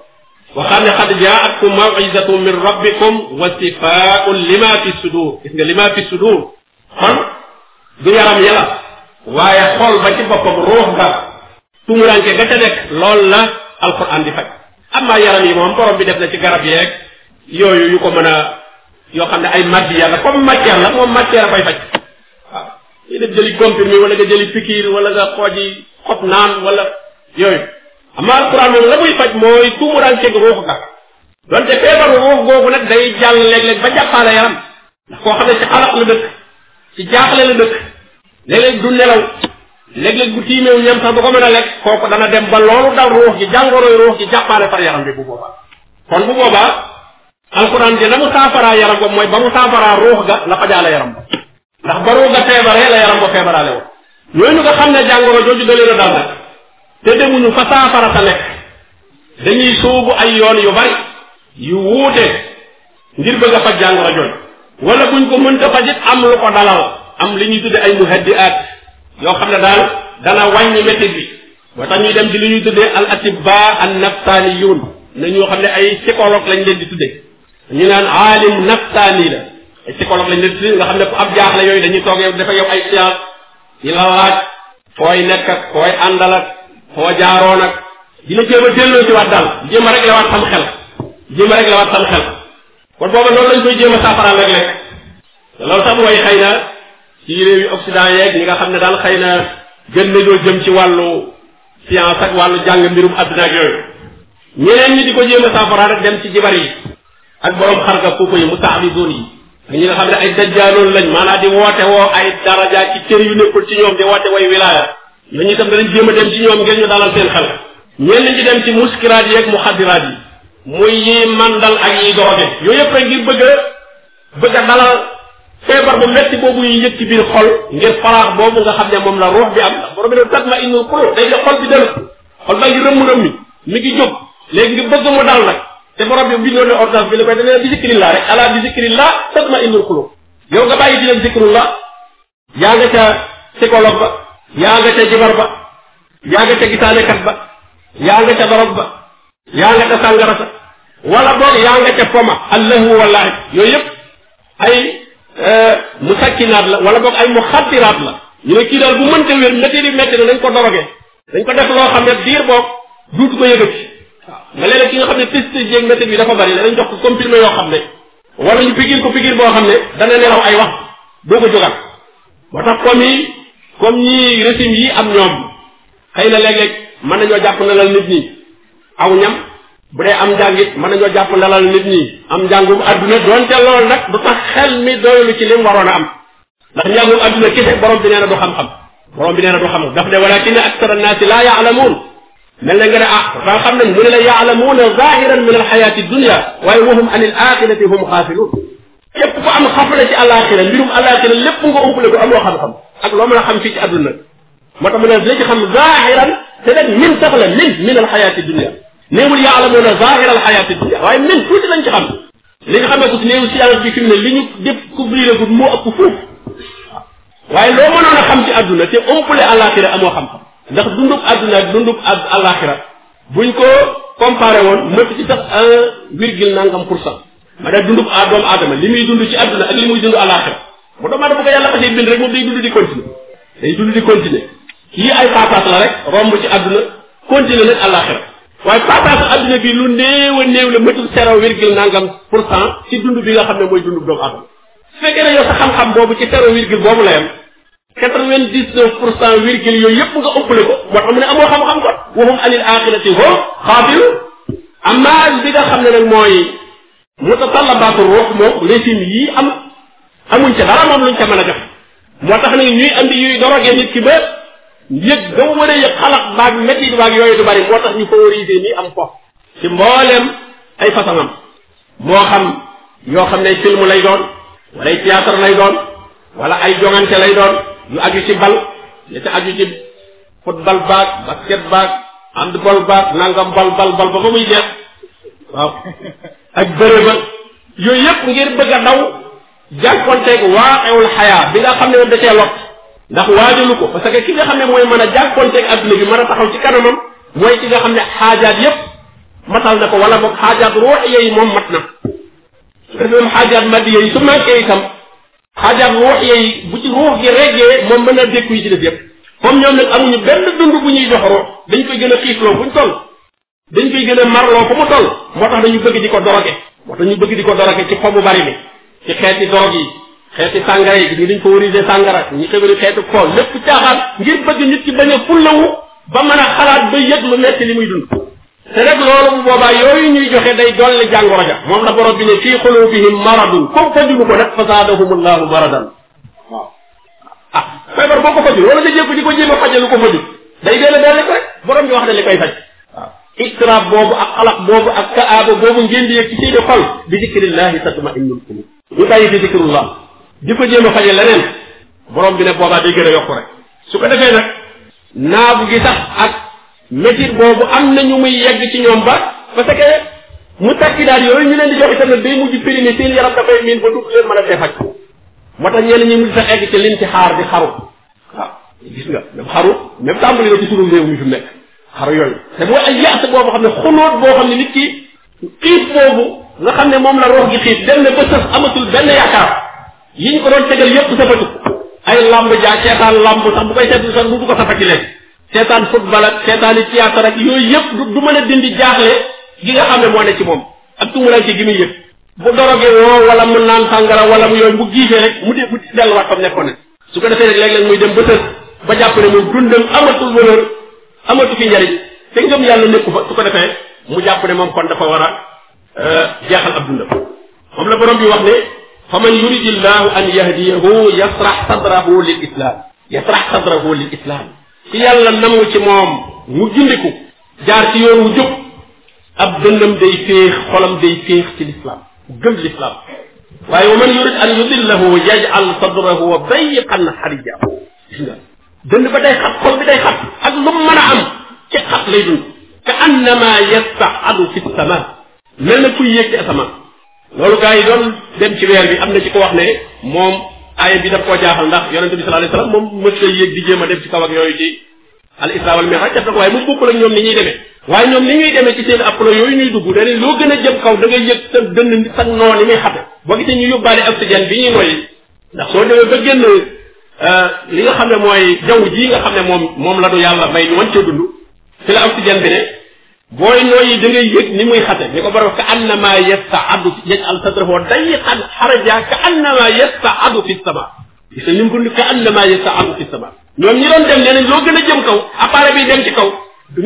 waxaam ne xad jaatkum mawizatun min rabbikum wa sifaun lima fi sudur gis nga lima fi sudur kon du yaram yàlla waaye xool ba ci boppam ruux ba tumuranke ga ca nekk lool la alquran di faj amma yaram yi moom borom bi def na ci garab yeeg yooyu yu ko mën a yoo xam ne ay matière la comme matière la moom matière a koy faj day def jëli comprimé wala nga jëli pikiir wala nga xooji xob naan wala yooyu ama alquran moom la muy faj mooy tuumurankeeg ruuxu ka donte feebaru ruux googu nag day jàll léeg-léeg ba jàppaale yaram ndax koo xam ne ci du nelaw léeg-léeg bu tiimeew ñam sax du ko mën a lekk kooku dana dem ba loolu dal ruux gi jàngoroy ruux gi jàppaale far yaram bi bu boobaa kon bu boobaa alquran ji la mu saafaraa yaram mooy ba mu saafaraa ruux ga la fajaale yaram ba ndax ba ruux feebaree la yaram ba feebaraale woon ñooñu nga xam ne jàngoro jooju da leen a dal nag te demuñu fa saafara sa nekk dañuy sóobu ay yoon yu bari yu wuute ngir bëgg a faj jàngoro jooju wala buñ ko mënta fajit am lu ko dalal am li ñuy tudde ay at yoo xam ne daal dana wàññi métti bi ba tax ñuy dem di lu ñuy tuddee al atibba an naftaaniyun na ñoo xam ne ay psychologue lañ leen di tudde ñu naan aalim naftaani la ay psychologue lañ leen tuddee nga xam ne ku am jaaxle yooyu dañuy toog yow dafa yow ay science yi la laaj fooy nekk ak fooy àndal ak foo jaaroon ak dina jéem a delloo ci waat daal jéem a réglé waat sam xel jéem a réglé waat sam xel kon booba loolu lañ koy jéem a saafaraan rek rek te loolu sax mooy xëy na ci réew yi Occident yeeg ñi nga xam ne daal xëy na gën nañoo jëm ci wàllu science ak wàllu jàng mbirum adduna ak yooyu ñeneen ñi di ko jéem a saafaraan rek dem ci jibar yi ak borom xarga foofu yi mu taabi zone yi ñi nga xam ne ay dajjaaloon lañ maanaam di woote woo ay daraja ci cër yu nekkul ci ñoom di woote way wilaaya ñooñu itam danañ jéem a dem ci ñoom ngir ñu dalal seen xel ñenn ñi dem ci muskiraat yi ak muxaddiraat yi muy man dal ak yi dooge yooyu yëpp rek ngir bëgg a bëgg a dalal feebar bu metti boobu yi yëg ci biir xol ngir faraax boobu nga xam ne moom la ruux bi am ndax borom bi ne tatma innul xulub day de xol bi dal xol ba ngi rëmm rëmmi mi ngi jóg léegi nga bëgg mu dal nag te borom bi bindoon na ordonnance bi la koy dana bi zikrillah rek ala bi zikrillah tatma innul xulub yow nga bàyyi di leen zikrullah yaa nga ca yooyu yëpp ay e, musakkinaat la wala boog ay muxaddiraat la ñu ne kii daal bu mënta wér métti di ko dorogee dañ ko def loo xam ne diir boog duutu ko yëgati nga léeg-léeg ki nga xam ne pesticide yeeg méthode bi dafa bari danañ jox ko comprimé yoo xam ne wala ñu pigil ko pigil boo xam ne dana nelaw ay wax doo ko jógaat moo tax comme yi comme ñi régime yi am ñoom xëy na léeg-léeg mën nañoo jàpp ndalal nit ñi aw ñam bu dee am njàngit mën nañoo jàpp ndalal nit ñi am njàngum adduna doonte loolu nag du tax xel mi doylu ci lim waroon am ndax njàngum adduna kese borom bi na du xam-xam borom bi nee na du xam-xam daf ne walakin aksara annaasi laa yaalamuun mel na nga ne ah pourtant xam nañ mu ne la yaalamuuna zahiran min alxayaati dunia waaye wahum an il axirati hum xaafiluun képp ko am xafla ci alaxira mbirum alaxira lépp nga umpale ko amoo xam-xam ak loo mën a xam fii ci àdduna moo tax mu ne dina ci xam zahiran te nag min sax la min min alxayaati dunia néewul yaalamuuna zahira alxayaati dunia waaye min tuuti lañ ci xam li nga xamee ko si néew science bi fi mu ne li ñu découvrir gu moo ëpp fuuf waaye loo mënoon a xam ci àdduna te umpale alaxira amoo xam-xam ndax dundu dundub àdduna ak dundub ad alaxira buñ ko comparé woon mëtt ci sax un virgule nangam pour cent ma ne dundub a doomu adama li muy dund ci àdduna ak li muy dund alaxira bu doomu aadama ko yàlla xasee bind rek moom day dund di continuer day dund di continuer yii ay patas la rek romb ci àdduna continuer nag alaxira waaye patas àdduna bi lu néew a néew la mëtul zéro virgule nangam pour cent ci dund bi nga xam ne mooy dundub doomu aadama su fekkee ne yow sa boobu ci zéro virgule boobu la yem quatre-vingt-dix-neuf pour cent yooyu yëpp nga ëppale ko moo tax mu ne amoo xam-xam kon waxum am axirati hum xaafilu amma xam ne nag mooy mutatallabaatu ruux moom régime yii am amuñ ca dara moom luñ ca mën a def moo tax nag ñuy andi yuy dorogee nit ki ba yëg ba mu war a yëg xalaq baag métti baag yooyu du bari moo tax ñu favoriser nii am foofu ci mbooleem ay façonam moo xam yoo xam ne film lay doon wala ay théâtre lay doon walla ay jongante lay doon lu aju ci bal li ca aju ci football baag basket baag handball baag nangam bal bal bal ba ba muy jeex waaw ak bëre ba yooyu yëpp ngir bëgg a daw jànkonteeg waa ewul xayaa bi nga xam ne moom da cee lot ndax waajalu ko parce que ki nga xam ne mooy mën a jànkonteeg adduna bi mën a taxaw ci kanamam mooy ki nga xam ne xaajaat yëpp matal na ko wala boog xaajaat ruux yooyu moom mat na su ko defee yooyu su xaajaat ruux yooyu bu ci ruux gi reggee moom mën naa dékku yi ci def yépp comme ñoom nag amuñu benn dund bu ñuy jox ruux dañ koy gën a xiifloo fu ñu toll dañ koy gën a marloo fu mu toll moo tax dañu bëgg di ko doroge moo tax ñu bëgg di ko doroge ci xobu bari bi ci xeeti dorog yi xeeti sàngara yi ñu dañ ko wërisee sàngara ñu xëwéri xeetu kool lépp caaxaan ngir bëgg nit ki bañ a fullawu ba mën a xalaat ba yëg lu metti li muy dund te lool bu boobaa yooyu ñuy joxe day dolli jàngoro ja moom na borom bi ne fii xulubihim maradun comme fajulu ko nag fasaadahum allahu maradan waaw ah feebar boo ko fajul wala nga di ko jéem a fajalu ko fajul day dee la dee rek bi wax na li koy faj waaw istiraab boobu ak alaq boobu ak kaaba boobu ngeen di yëg ci seeni xol bi zikrillahi tatma innul qulub ñu bàyyi fi zikrullah di ko jéem a faje leneen borom bi ne boobaa day gën a yokku rek su ko defee nag naabu gi sax ak métit boobu am na ñu muy yegg ci ñoom ba parce que mu takki daal yooyu ñu leen di jox itam nag day mujj périmé seen yaram dafay miin ba dugg leen mën a defaj ko moo tax ñenn ñi mujj sax egg ci liñ ci xaar di xaru waaw gis nga même xaru même tàmbali na ci sunu réew mi fi mu nekk xaru yooyu te mooy ay yaas boobu xam ne xunóot boo xam ne nit ki xiif boobu nga xam ne moom la rox gi xiif dem ne ba sës amatul benn yaakaar yiñ ko doon tegal yépp safatu ay lamb jaa ceetaan lamb sax bu koy seetlu bu ko safati leen seetaan football ak seetaani théâtre ak yooyu yëpp du mën a dindi jaaxle gi nga xam ne moo ne ci moom ak tumuranke gi muy yëg bu doroge woo wala mu naan sàngara wala mu yooyu mu giifee rek mu dee mu delluwaat fam nekkoon nag su ko defee rek léeg-léeg muy dem ba tës ba jàpp ne moom dundam amatul valeur amatu fi njariñ te ngëm yàlla nekku fa su ko defee mu jàpp ne moom kon dafa war a euh, jeexal ab dundam moom la borom bi wax ne fa man yuridillahu an yahdiyahu yasrax sadrahu lil islam yasrax sadrahu lil islam ci yàlla namu ci moom mu gindiku jaar ci yoon wu jub ab dëndam day féex xolam day féex ci lislaam mu gëm lislaam waaye wa man yurid an yudillahu yaj'al sadrahu wa bayyiqan xarija dënd ba day xat xol bi day xat ak lu mu mën a am ci xat lay dund ka annama yastaadu fi sama mel na kuy yéeg ci asamaan loolu gaa yi doon dem ci weer bi am na ci ko wax ne moom aaya bi daf koo jaaxal ndax yonente bi sallallahu alayhi wasallam moom mësta yéeg di jéem a def ci kaw ak yooyu ci al isra wal mi'raj def na ko waaye mu bokkul ak ñoom ni ñuy demee waaye ñoom ni ñuy demee ci seen apolo yooyu ñuy dugg dane loo gën a jëm kaw da ngay yëg sa dënn ni sag noo ni muy xate boo gisee ñu yóbbaale oxygène bi ñuy noyyi ndax soo demee ba génn euh, li nga xam ne mooy jaww ji nga xam ne moom moom la du yàlla may ñu wan cee dundu ci la oxygène bi ne booy nooyi da ngay yëg ni muy xate ni ko borom ka annama yastaadu yajal sadrahu dayiqan xaraja ka annama yastaadu fi sama gis nga ni mu ko ka annama yastaadu fi sama ñoom ñi doon dem nee loo gën a jëm kaw appareil bi dem ci kaw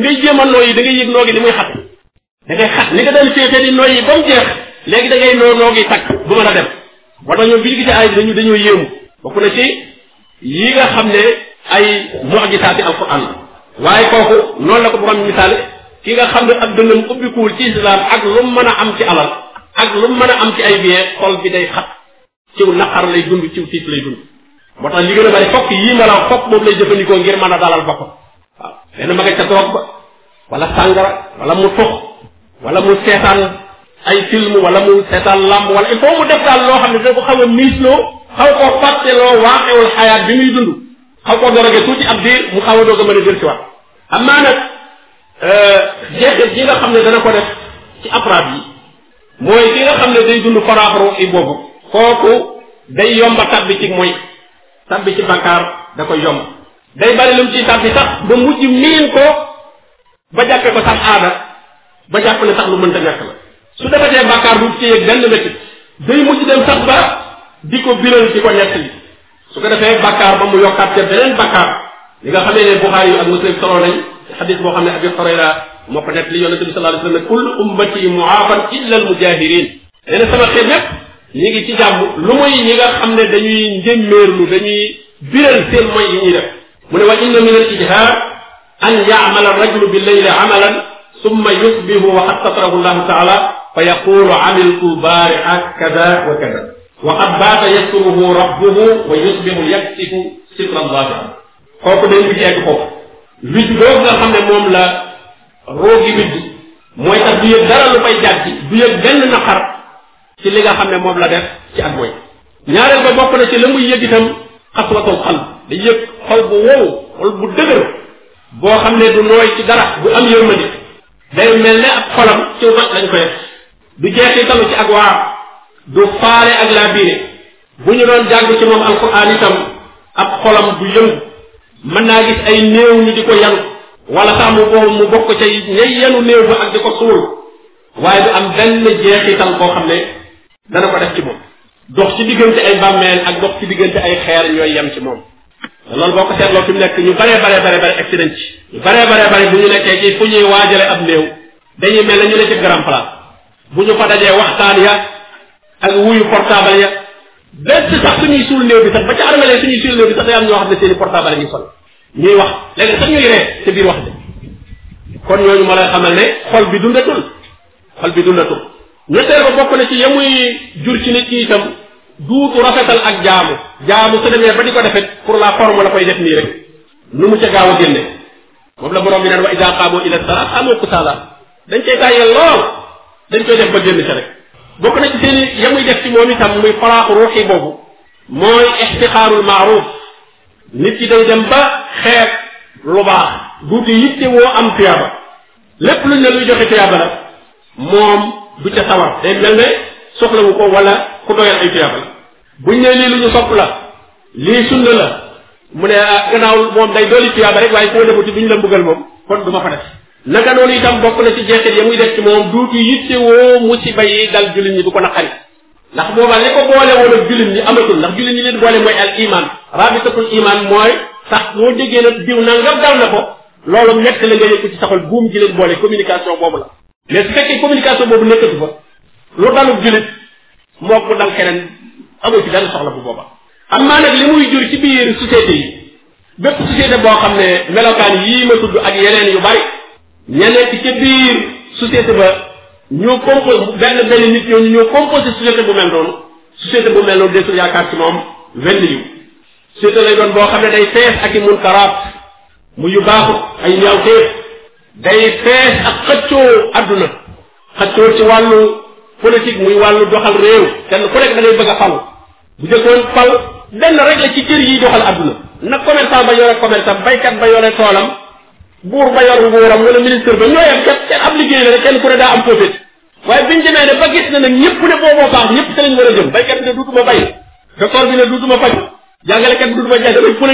ngay jéem a nooyi da ngay yëg noogi ni muy xate da ngay xat ni nga daan féexee di yi ba mu jeex léegi da ngay noo noogi takk bu mën a dem moo tax ñoom bi ñu gisee ay dañu dañoo yéemu bokk na ci yi nga xam ne ay mujisaati alquran la waaye kooku noonu la ko borom misaale ki nga xam ne ak dënnam ubbikuwul ci islam ak lu mën a am ci alal ak lu mën a am ci ay bien xol bi day xat ciw naqar lay dund ciw tiit lay dund moo tax li gën a bari fokk yii lay jëfandikoo ngir mën a dalal boppam waaw benn ma nga ca drogue ba wala sàngara wala mu tux wala mu seetaan ay film wala mu seetaan làmb wala il faut mu def daal loo xam ne dina ko xaw a miisloo xaw koo fàtteloo waaxewul xayaat bi muy dund xaw koo dorogee tuuti ab diir mu xaw a doog a mën a jël ci waat am naa nag Euh, jeexit yi nga xam ne dana ko def ci afraad yi mooy ki nga xam ne day dund faraaxru i boobu kooku day yomba tabbi ci moy tabbi ci bakkaar da koy yomb day bari lu mu ciy tabbi sax ba mujj miin ko ba sax aada ba jàpp ne sax lu mënta ñàkk la su defatee bakkaar du ci yëg benn day mujj dem sax ba di ko biral di ko ñett yi su ko defee bakkaar ba mu yokkaat ca beneen bakkaar li nga xamee ne Buxaari yu ak Muslim solo nañ xadis boo xam ne abi Hurayra moo ko nekk li yonente bi sallallahu alayhi wa sallam ne kullu ummati muaafan illa al mujahirin nee na sama xeet nag ñi ngi ci jàmm lu muy ñi nga xam ne dañuy njëmmeerlu dañuy biral seen mooy yi ñuy def mu ne wa inna min al ijhaar an yaamala rajulu bi leyli amalan summa yusbihu wa qad satarahu llahu taala fa yaqulu amiltu baariha kada wa kada wa qad baata yasturuhu rabbuhu wa yusbihu yaksifu sitran waasia kooku dañ bi ci egg foofu witt boobu nga xam ne moom la roo gi witt mooy tax du yëg dara lu koy jàpp du yëg benn naqar ci li nga xam ne moom la def ci ak mooy ñaareel ba bokk na ci la muy yëg itam xaswatul xal da yëg xol bu wow xol bu dëgër boo xam ne du nooy ci dara bu am yërmande day mel ne ak xolam ci mat lañ ko def du jeexi talu ci ak waa du faale ak laa biire bu ñu doon jàng ci moom alquran itam ab xolam du yëngu mën naa gis ay néew ñu di ko yanu wala sax mu boobu mu bokk ca ñay yanu néew ba ak di ko suul waaye du am benn jeexital boo xam ne dana ko def ci moom dox ci diggante ay bàmmeel ak dox ci diggante ay xeer ñooy yem ci moom te loolu boo ko seetloo fi mu nekk ñu baree baree bare bare accident ci ñu baree baree bare bu ñu nekkee ci fu ñuy waajale ab néew dañuy mel ne ñu ne ci grand bu ñu fa dajee waxtaan ya ak wuyu portable ya bés sax suñuy suul néew bi sax ba ca armelee suñuy suul néew sax day am ñoo xam ne seen i portable la ñuy sol ñuy wax léegi sax ñuy ree te biir wax de kon ñooñu ma lay xamal ne xol bi dundatul xol bi dundatul ñetteel ba bokk na ci yemuy jur ci nit ki itam duutu rafetal ak jaamu jaamu su demee ba di ko defee pour la forme la koy def nii rek nu mu ca gaaw a génne moom la borom bi naan wa ida qaamu ila salaat amoo kusaala dañ cay tàyyal lool dañ koy def ba génn ca bokk na ci seen ya muy def ci moom itam muy falaaxu ruuxi boobu mooy istixaarul maaruf nit ki day dem ba xeet lu baax duuti yitte woo am tuyaaba lépp luñ ne luy joxe tuyaaba la moom du ca sawar day mel ne soxlawu ko wala ku doyal ay tuyaaba la buñ ne lii lu ñu sopp la lii sunna la mu ne ah gannaaw moom day dooli tuyaaba rek waaye ku ma defuti duñ la mbugal moom kon du fa def naka noonu itam bokk na ci jeexit ya muy def ci moom duutu yitte woo musiba yi dal jullit ñi du ko naqari ndax boobaa li ko boole woon ak jullit ñi amatul ndax jullit ñi leen boole mooy al iman rabitatul iman mooy sax moo déggee nag diw nangam dal na ko loolu nekk la nga yëg ci saxal buum ji leen boole communication boobu la mais su fekkee communication boobu nekkatu fa lu dalul jullit moo ko dal keneen amul ci benn soxla bu boobaa am maa nag li muy jur ci biir société boo xam ne melokaan yii ma tudd ak yeneen yu bari ña nekk ca biir société ba ñoo composé benn benn nit ñooñu ñoo composé bu mel noonu société bu mel noonu desul yaakaar ci moom wenn yiw société lay doon boo xam ne day fees ak i munkaraat mu yu baaxut ay ñaawteef day fees ak xëccoo adduna xëccoo ci wàllu politique muy wàllu doxal réew kenn ku nekk da ngay bëgg a fal bu jëkkoon fal benn rek la ci cër yi doxal adduna na commerçant ba yore commerçant baykat ba yore toolam buur ba yor nguuram wala ministre ba ñoo yem képp kenn ku ne daa am profit waaye biñ demee ne ba gis na nag ñëpp ne booboo baax ñëpp te lañ duutuma bay docteur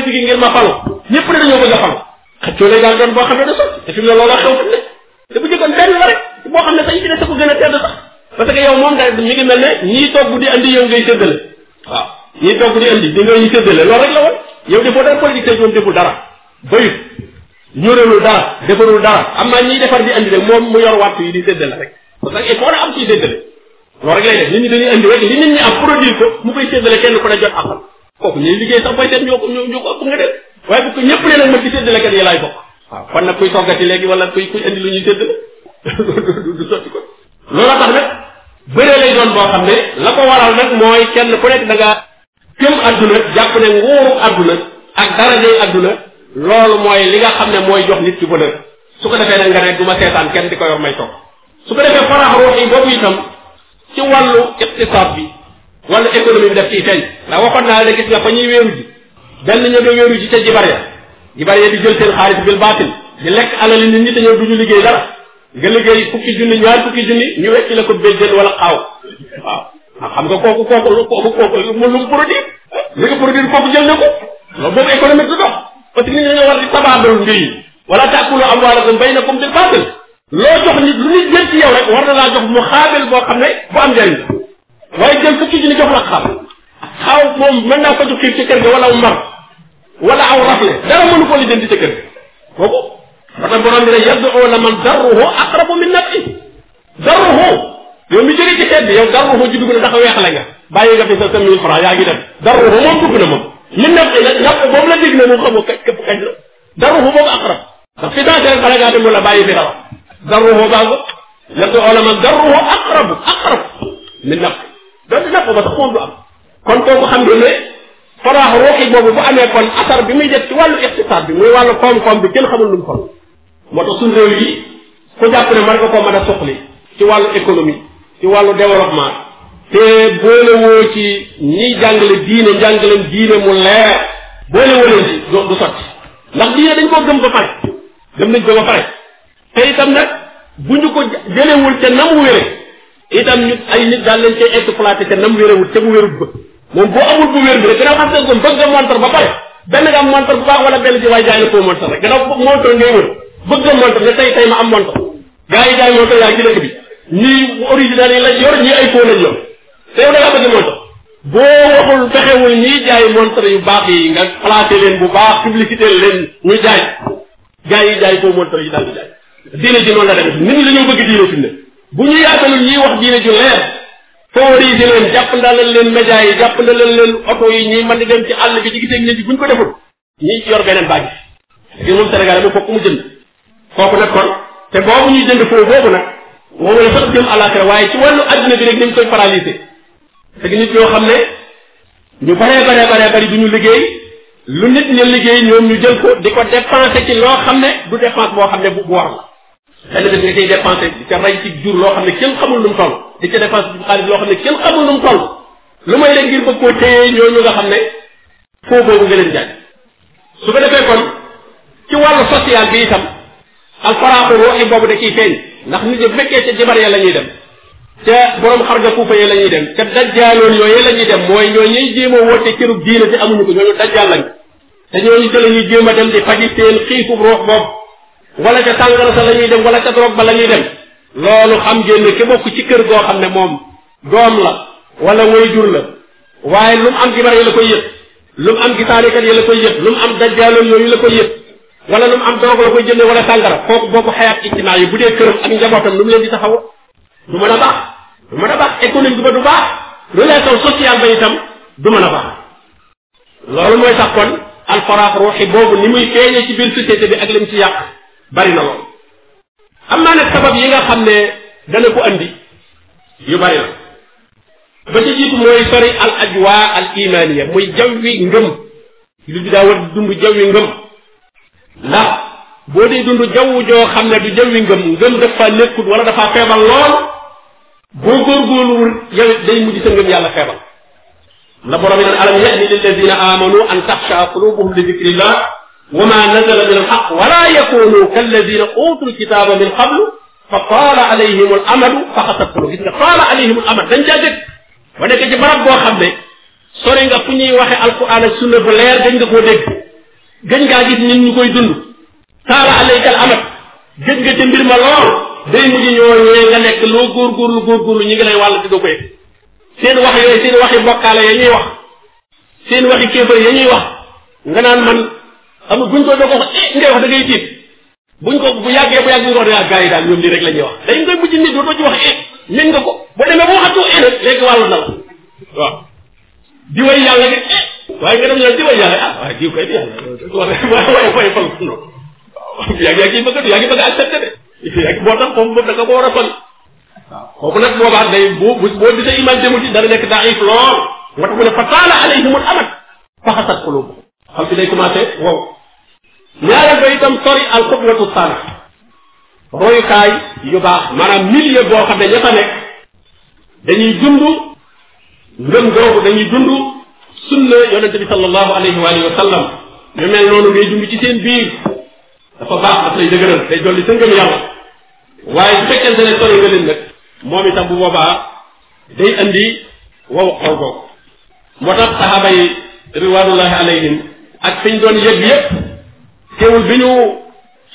bi ngir ma falu ñëpp ne dañoo bëgg a falu xëccoo lay daal doon boo xam ne da sot te fi mu ne looloo xew fi ne te bu jëkkoon benn la rek boo xam ne sax yi fi ne sa ko gën a tedd sax parce que yow moom da mi ngi mel ne ñii toog di andi yow ngay séddale waaw ñii toog di andi yorelu dara defarul dara am na ñiy defar di andi rek moom mu yor wattu yi di séddale rek parce que il faut na am ciy séddale loolu rek lay def nit ñi dañuy indi rek li nit ñi am produire ko mu koy séddale kenn ku ne jot àppal kooku ñuy liggéey sax baykat ñoo ñoo ko ëpp nga def waaye bu ko ñëpp ne nag man ci yi laay bokk waaw kon nag kuy toggati léegi wala kuy kuy andi lu ñuy séddale du sotti ko loola tax nag bëree lay doon boo xam ne la ko waral nag mooy kenn ku nekk da ngaa gëm adduna jàpp ne nguuru adduna ak daraje adduna loolu mooy li nga xam ne mooy jox nit ci valeur su ko defee nag nga ne du ma seetaan kenn di ko yor may topp su ko defee farax ruux yi boobu itam ci wàllu iqtisaad bi wàllu économie bi daf ciy feeñ waxoon naa la gis nga fa ñuy wéeru ji benn ñoo do wéeru ji ca jibar ya jibar ya di jël seen xaalis bil baatil di lekk alali nit ñi te ñoom duñu liggéey dara nga liggéey fukki junni ñaar fukki junni ñu wecc la ko béjjën wala xaaw waaw waaw xam nga kooku kooku kooku kooku lu mu produire li nga produire kooku jël na ko loolu boobu parce que nit ñi dañoo war di tabaandal mbir yi wala tàkkulu amwaalakum baynakum bil baatil loo jox nit lu nit jël ci yow rek jox boo xam ne bu am njëriñ waaye jël fukki junni jox la xaal xaaw moom mën naa ko jox xiif ci kër ga wala mar wala aw rafle dara mënu ko li jënd ci kër ga kooku ba tax borom bi ne yad'u la man darruhu aqrabu min naf'i bi na ndax weex la nga bàyyi nga fi sa sa mille francs yaa ngi dem darruhu moom li napp nag napp boobu la dégg na moom xamoo kañ képp kañ la daruhu boobu ak rab ndax fi danseel bala ngaa dem mu la bàyyi bi rawa daruhu baa nga napp olama daruhu aqrabu aqrab min napp doonte napp ba sax moom du am kon kooku xam nga ne faraax ruuxi boobu bu amee kon bi muy def ci wàllu iqtisaad bi muy wàllu koom-koom bi kenn xamul lu mu xool moo tax suñu réew yi ku jàpp ne mën nga ma mën a suqali ci wàllu économie ci wàllu développement te boole woo ci ñiy jàngale diine njàngaleem diine mu leer boole woo leen ci du sotti ndax diine dañ koo gëm ba pare gëm nañ ko ba pare te itam nag bu ñu ko jëlewul ca nam wére itam ñu ay nit daal leen cay exploité ca nam wérewul ca bu wérut ba moom boo amul bu wér bi rek gannaaw xam nga gëm bëgg nga montar ba pare benn nga am montar bu baax wala benn ji waaye jaay na koo montar rek gannaaw montar ngay wër bëgg nga montar ne tey tey ma am montar gars yi jaay montar bi ñii original yi lañ yor ñii ay foo lañ yor te yow da ngaa bëgg montre boo yu baax yi nga placé leen bu baax publicité leen ñu jaay gars yi jaay foo montre yi daal di jaay diine ji la demee nit ñi dañoo bëgg diine bu ñu yaatalul ñiy wax diine ju leer favoriser leen jàppandalal leen média yi jàppandalal leen oto yi ñuy mën di dem ci àll bi ci gisee nit ñi buñ ko deful ñi beneen bàgg gi moom Sénégal bi fokk mu jënd kooku nag kon te boobu ñuy jënd foofu boobu nag moom la sax jëm àllaaxira waaye ci wàllu adduna bi rek ni ñu koy c'est nit ñoo xam ne ñu baree baree baree bari du ñu liggéey lu nit ñi liggéey ñoom ñu jël ko di ko dépenser ci loo xam ne du dépense boo xam ne bu war la benn bés nga cay dépenser di ca rey ci jur ne kenn xamul nu mu di ca dépenser ci xaalis loo xam ne kenn xamul nu mu toll lu may leen ngir bëgg koo téye ñooñu nga xam ne foo boobu nga leen jaay su ko defee kon ci wàllu social bi itam alfaraaxu ruux yi boobu da ciy feeñ ndax nit ñi bu fekkee jabar ya la ñuy dem ca borom xarga fuufa yee la ñuy dem ca dajjaaloon yooyee la ñuy dem mooy ñoo ñuy jéem a woote këru diine te amuñu ko ñooñu dajjaal lañ te ñooñu ca la ñuy jéem a dem di faji seen xiifub roox boobu wala ca sàngara sa la dem wala ca drogue ba la ñuy dem loolu xam ngeen ne ki bokk ci kër goo xam ne moom doom la wala wayjur la waaye lu mu am gibar yi la koy yëg lu mu am gisaanikat yi la koy yëg lu mu am dajjaaloon yooyu la koy yëg wala lu mu am drogue la wala sàngara kooku boobu xayaat ijtimaa bu dee këram ak njabootam lu mu leen di taxaw du mën a baax du mën a baax économie ba du baax relation sociale ba a baax loolu mooy sax kon alfaraax ruuxi boobu ni muy feeñee ci biir société bi ak lim ci yàq bari na lool am naa nag sabab yi nga xam ne dana ku andi yu bari la ba ci jiitu mooy sori al ajwa al imaniya muy jaw wi ngëm lu bi daa war dund jaw wi ngëm ndax boo dee dund jaww joo xam ne du jaw wi ngëm ngëm dafa nekkut wala dafa feebal lool boo góorgóorluwul yow it day mujj sa ngëm yàlla feebar na borom yi naan alam yahdi lilladina amanu an taxsha qulubuhum li dikrillah wa ma nazala min alxaq wala yakunu kalladina utul kitaba min qablu fa taala alayhim al amadu fa xasat qulub gis nga taala alayhim al amad dañ caa dëkk ba nekk ci barab boo xam ne sori nga fu ñuy waxe alquran ak sunna bu leer gëj nga koo dégg gëj ngaa gis nit ñu koy dund taala alayka al amad gëj nga ca mbir ma lool day mujj ñooñee nga nekk loo góorgóorlu góorgóorlu ñi ngi lay wàll te doo ko yëg seen wax yooyu seen waxi bokkaale ya ñuy wax seen waxi kéefar ya ñuy wax nga naan man xam nga buñ ko doo ko wax eh ngay wax da ngay tiit buñ ko bu yàggee bu yàggee nga wax da ah gaa yi daal ñoom lii rek la ñuy wax dañ koy mujj nit dootoo ci wax eh mën nga ko boo demee boo xatoo eh nag léegi wàllu na la waaw di way yàlla gi eh waaye nga dem ñoom di way yàlla ah waaye diw kay di yàlla waaye fay fal non waaw yaa ngi yaa ngi bëgg yaa ngi bëgg accepté de ak bootam comme boobu da nga ko war a sori waaw kooku nag boobaa day boo boo gisee imaam jëmu ci dana nekk daif lool moo tax mu ne fa taala alayhimul amad faxasat qulubu xam si day commencé wow ñaareel ba itam sori al xudwatu saalih yu baax maanaam milieu boo xam ne ña fa nekk dañuy jundu ngëm googu dañuy dund sunna yonente bi sallallahu alayhi wa alihi wa sallam ñu mel noonu ngay dund ci seen biir dafa baa daf lay dëgëral day dolli sa ngëm waaye bu fekkente ne sori nga leen nag moom itam bu boobaa day andi wow xol googu moo tax saxaaba yi ridwanullahi alayhim ak fi ñu doon yëg yëpp teewul bi ñu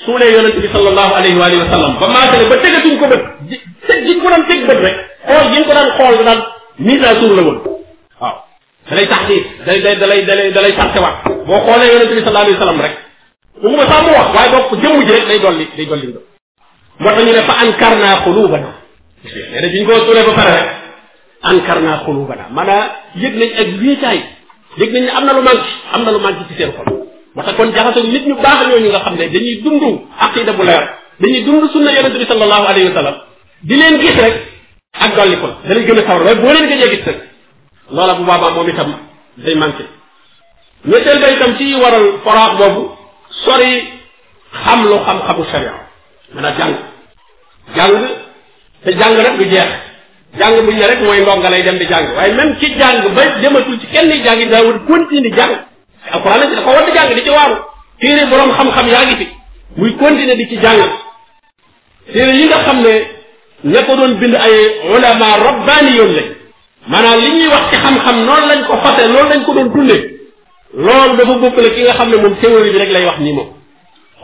suulee yonente bi sallallahu alayhi wa alihi wa sallam ba maasale ba tegatuñ ko bët ji teg ji ñu ko daan teg bët rek xool gi ñu ko daan xool da daan mise à jour la woon waaw dalay tax diis day day dalay dalay dalay sartewaat boo xoolee yonente bi sallallahu alayhi wa sallam rek waxuma sax mu wax waaye boo jëmm ji rek day dolli day dolli moo tax ñu ne fa ankarna xulubana nee na biñ ko suuree ba pare rek ankarna xulubana maanaam yëg nañ ak wéetaay nañ ne am na lu manqué am na lu manqué ci seen xol moo tax kon jaxasoo nit ñu baax ñooñu nga xam ne dañuy dund aqida bu leer dañuy dund sunna yonente bi sallallahu alayhi wa sallam di leen gis rek ak dolli ko a sawar waaye boo leen gëjee gis rek loola bu boobaa moom itam day manqué ñetteel ba ci waral foraax boobu sori xam lu xam-xamu sharia mën jàng te jàng nag du jeex jàng buñ ne rek mooy ndonga lay dem di jàng waaye même ci jàng ba dematul ci kenn di jàng yi daa war continuer di jàng alxuraan si dafa war di jàng di ci waaru téere boroom xam-xam yaa ngi fi muy continuer di ci jàng téere yi nga xam ne ña ko doon bind ay ulama rabbaani yoon lañ maanaam li ñuy wax ci xam-xam noonu lañ ko fase loolu lañ ko doon dundee loolu dafa bokk la yi nga xam ne moom théorie bi rek lay wax nii moom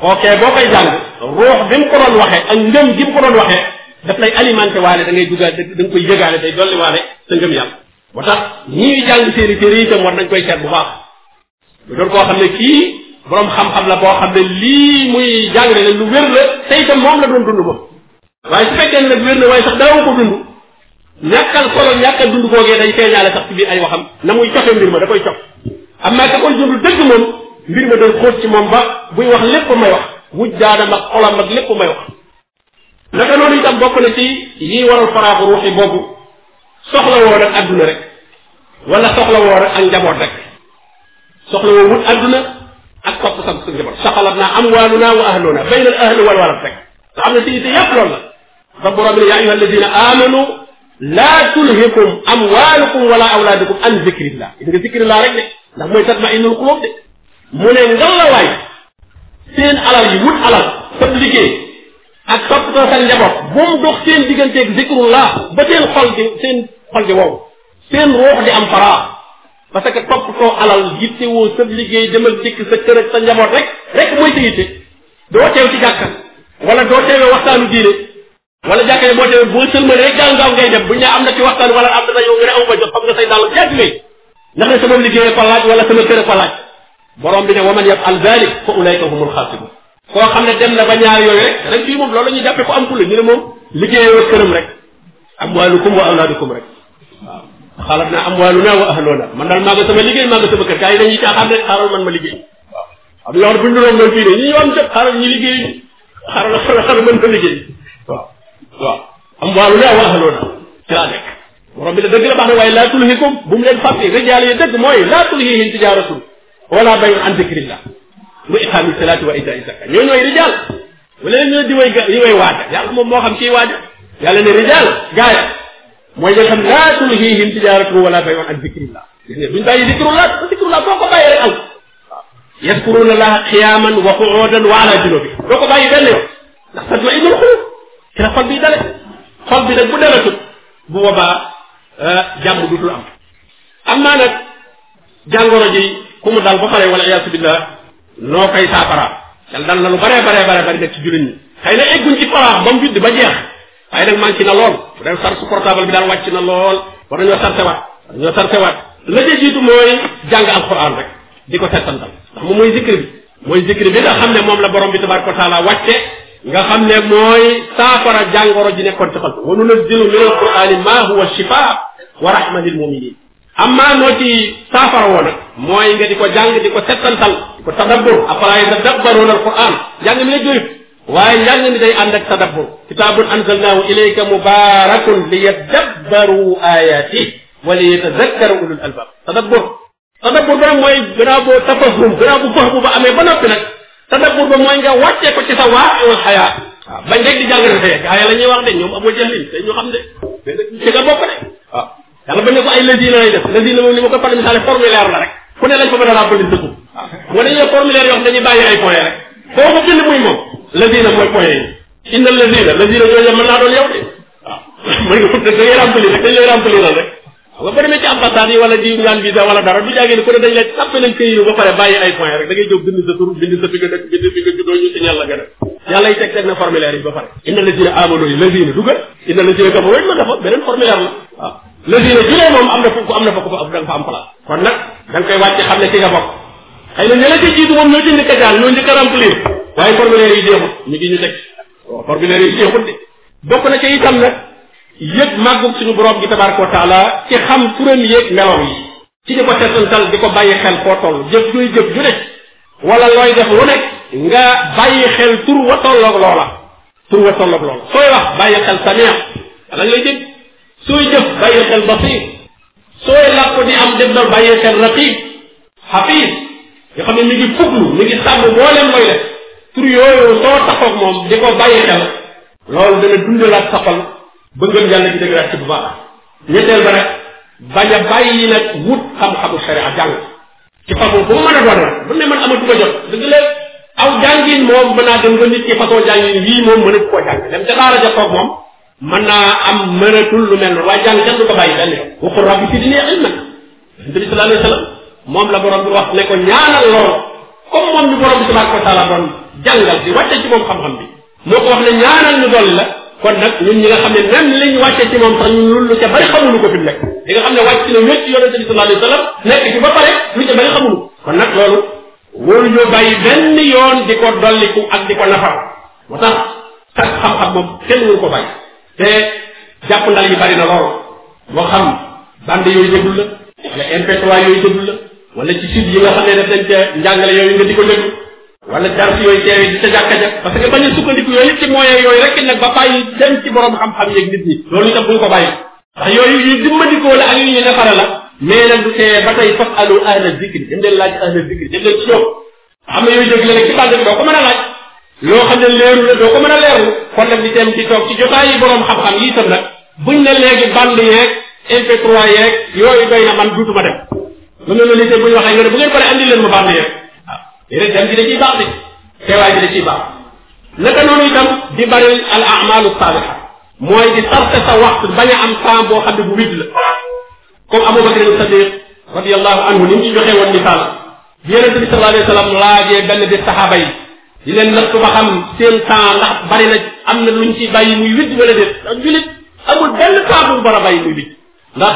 kookee boo koy jàng ruux bi mu ko doon waxee ak ngëm gi mu ko doon waxee daf lay alimenté waale da ngay dugaale da nga koy yëgaale day dolli waale sa ngëm yàlla ba tax ñii jàng seeni téere itam war nañ koy seet bu baax lu doon koo xam ne kii boroom xam-xam la boo xam ne lii muy jàngale lu wér la te itam moom la doon dund ba waaye su fekkee nag wér na waaye sax daawu ko dund ñàkkal solo ñàkkal dund googee day feeñaale sax ci biir ay waxam na muy cofe mbir ma da koy cof am naa ka koy dund dëgg moom mbir ma day ci moom ba buy wax lépp may wax wuj daanam ak xolam ak lépp may wax naka noonu itam bokk na ci yi waral faraaxu ruuxi boobu soxla woo nag adduna rek wala soxla woo nag ak njaboot rek soxla woo wut adduna ak topp sa sa njaboot saxalat naa am waalu wa ahluna bay na ahlu wal walat rek nga xam ne si ite yépp loolu la ba borom ne yaa ayuha amanu laa tulhikum amwaalukum wala awlaadukum an zikrillah gis nga zikrillah rek de ndax mooy tatma inul qulub mu ne ngalawaay seen alal yi wut alal sab liggéey ak toppatoo sa njaboot bu mu dox seen digganteeg zikrullah ba seen xol di seen xol di wow seen ruux di am faraa parce que toppatoo alal yitte woo sa liggéey demal dikk sa kër ak sa njaboot rek rek mooy sa yitte doo teew ci jàkka wala doo teewee waxtaanu diine wala jàkka ne boo teewee boo sëlmal rek gaaw gaaw ngay dem bu ñu am na ci waxtaan wala am na yow nga ne amu ma jot xam nga say dàll jàgg ngay ndax ne sama liggéey ko laaj wala sama kër ko borom bi ne waman yafal dalik fa ulayka humul xaasibun koo xam ne dem na ba ñaar yooyu rek rek fii moom loolu la ñuy jàppe ko am ku la ñu ne moom liggéeyoo këram rek amwaalukum wa awlaadukum rek waaw xalat naa amwaaluna wa ahloona man daal maa nga sama liggéey maa nga sama kër gaa yi dañuy caaxaan rek xaaral man ma liggéey waaw am na loolu bu ñu doon doon fii de ñi ñu liggéey xaaral xaaral xaaral man ma liggéey waaw waaw amwaaluna wa ahloona ci laa nekk borom bi ne dëgg la baax na waaye laa tulhikum bu mu leen fàtte rijaal yi dëgg wala bayun an dikrillah wa iqaami salaati wa itaa zaka ñoo ñooy rijaal wala leen ñoo di way di way waaja yàlla moom moo xam ciy waaja yàlla ne rijaal gaaya mooy nga xam laa tulhiihim tijaaratu wala bayun an dikrillah gis nga duñ bàyyi dikrullah dikrullah boo ko bàyyi rek al waaw yaskuruuna laaha qiyaaman wa qu'uudan wa ala junubi doo ko bàyyi benn yoon ndax tatma innul xulub ci la xol bi dale xol bi nag bu dalatut bu boobaa euh, jàmm dutul am am naa nag jàngoro ji ku mu dal ba pare wala iyaasu billah noo koy saafara dal dal na lu baree baree baree bari nekk ci jullit ñi xëy na egguñ ci paraax ba mu widd ba jeex waaye nag manqué na lool ren charge portable bi daal wàcc na lool war nañoo sartewaat war nañoo sartewaat la ca jiitu mooy jàng alquran rek di ko settantal ndax moom mooy zikri bi mooy zikri bi nga xam ne moom la borom bi tabaraka wa taala wàcce nga xam ne mooy saafara jàngoro ji nekkoon ci xol wa nunazzilu min alqurani ma huwa shifaa wa rahma lil muminin amma noo ci saafara woo nag mooy nga di ko jàng di ko settantal di ko tadabbur afalaa yatadabbaruuna alquran njàng mi la doyut waaye njàng mi day ànd ak tadabbur kitaabun anzalnaahu ilayka mubaarakun li yadabbaru ayaati wa li yatadakkaru ulul albab tadabbur tadabbur ba mooy gannaaw boo tafahum gannaaw bu fahmu ba amee ba noppi nag tadabbur ba mooy nga wàccee ko ci sa waaqiul xayaa waaw bañ rek di jàng rek gaa yi la ñuy wax de ñoom Abu Jahlin te ñu xam de ci nga bokk de waaw yàlla bañ ne ko ay lazina lay def lazina moom ni ma ko pare misaale formulaire la rek ku ne lañ fa mën a ràbbali dëkku boo dañee ko bind muy moom lazina ah. da ngay ràbbali rek dañ lay ku ne dañ lay ba pare bàyyi ay yi teg teg inna lazina amano yi ma dafa beneen formulaire la ah. lësine juree moom am na fu am na fa ku fa da nga fa am place kon nag da koy wàcce xam ne ci nga bokk xëy na ña la ca jiitu moom ñoo ci njëkk a jaar ñoo a remplir waaye formulaire yi jeexut ñu ngi ñu teg waaw formulaire yi jeexut de bokk na ca itam nag yëg màggug suñu borom gi tabaraka wa taala ci xam turam yéeg meloom yi ci di ko seetantal di ko bàyyi xel foo toll jëf juy jëf ju nekk wala looy def lu nekk nga bàyyi xel tur wa tolloog loola tur wa tolloog loola sooy wax bàyyi xel sa neex lan lay dégg sooy jëf bàyyi xel basir sooy làkk di am dem na bàyyi xel raqib xafiis nga xam ne mi ngi fuglu mi ngi sàmm mboolem mooy def tur yooyu soo taxoog moom di ko bàyyi xel loolu dana dundalaat laa xol bëggal yàlla di dëgëraat bu baax ñetteel ba nag bañ a bàyyi nag wut xam-xamu sharia jàng ci façon bu mu mën a doon bu ne man amatu ko jot dëgg la aw jàngin moom mën naa dem ba nit ki façon jàngin yii moom mënatu koo jàng dem ca daara ja toog moom mën naa am mënatul lu mel noonu waaye jàng kenn du ko bàyyi benn yoon waxul rabbi fii di nee ilman yonent bi sallallahu alayhi wa sallam moom la borom bi wax ne ko ñaanal lool comme moom ñu borom bi tabaraka wa taala doon jàngal di wàcce ci moom xam-xam bi moo ko wax ne ñaanal ñu dolli la kon nag ñun ñi nga xam ne même li ñu wàcce ci moom sax ñun loolu lu ca bëri xamuñu ko fi nekk li nga xam ne wàcc na wécc yonent bi sallallahu alayhi wa sallam nekk ci ba pare lu ca bëri kon nag loolu wóolu ñoo bàyyi benn yoon di ko ak di ko moo tax sax moom kenn ko bàyyi te jàpp ndal yi bari na lool moo xam bande yooyu déglu la wala MP3 yooyu déglu la wala ci sud yi nga xam ne daf dañ ca njàngale yooyu nga di ko déglu wala dars yooyu teewee di ca jàkka ja a sukkandiku yooyu ci moyen yooyu rek nag ba bàyyi dem ci borom xam-xam yeeg nit ñi loolu itam bu ñu ko bàyyi ndax yooyu yu dimbandikoo la la mais nag du tee ba tey fas alu ahla zikri dem leen laaj ahla zikri dem leen ci ñoom xam ne yooyu dégg la nag ci bànde a loo xam ne leeru la doo ko mën a leerlu kon nag di dem di toog ci jotaay yi boroom xam-xam yi itam nag buñ ne léegi band yeeg MP3 yeeg yooyu doy na man duutuma dem lu mel ni tey bu ñu waxee nga ne bu ngeen paree andi leen ma band yeeg waaw léeg dem gi da ciy baax de teewaay bi da ciy baax naka noonu itam di bari al amalu saaliha mooy di sarse sa waxtu bañ a am temps boo xam ne bu witt la comme Abu Bakr Sadiq radiallahu anhu ni mu ci joxee woon misaal bi Yonent bi sallallahu alayhi wa sallam laajee benn di saxaaba yi di leen nattu ba xam seen temps ndax bari na am na luñ ci bàyyi muy witt wala déet ak jullit amul benn temps bu war a bàyyi muy witt ndax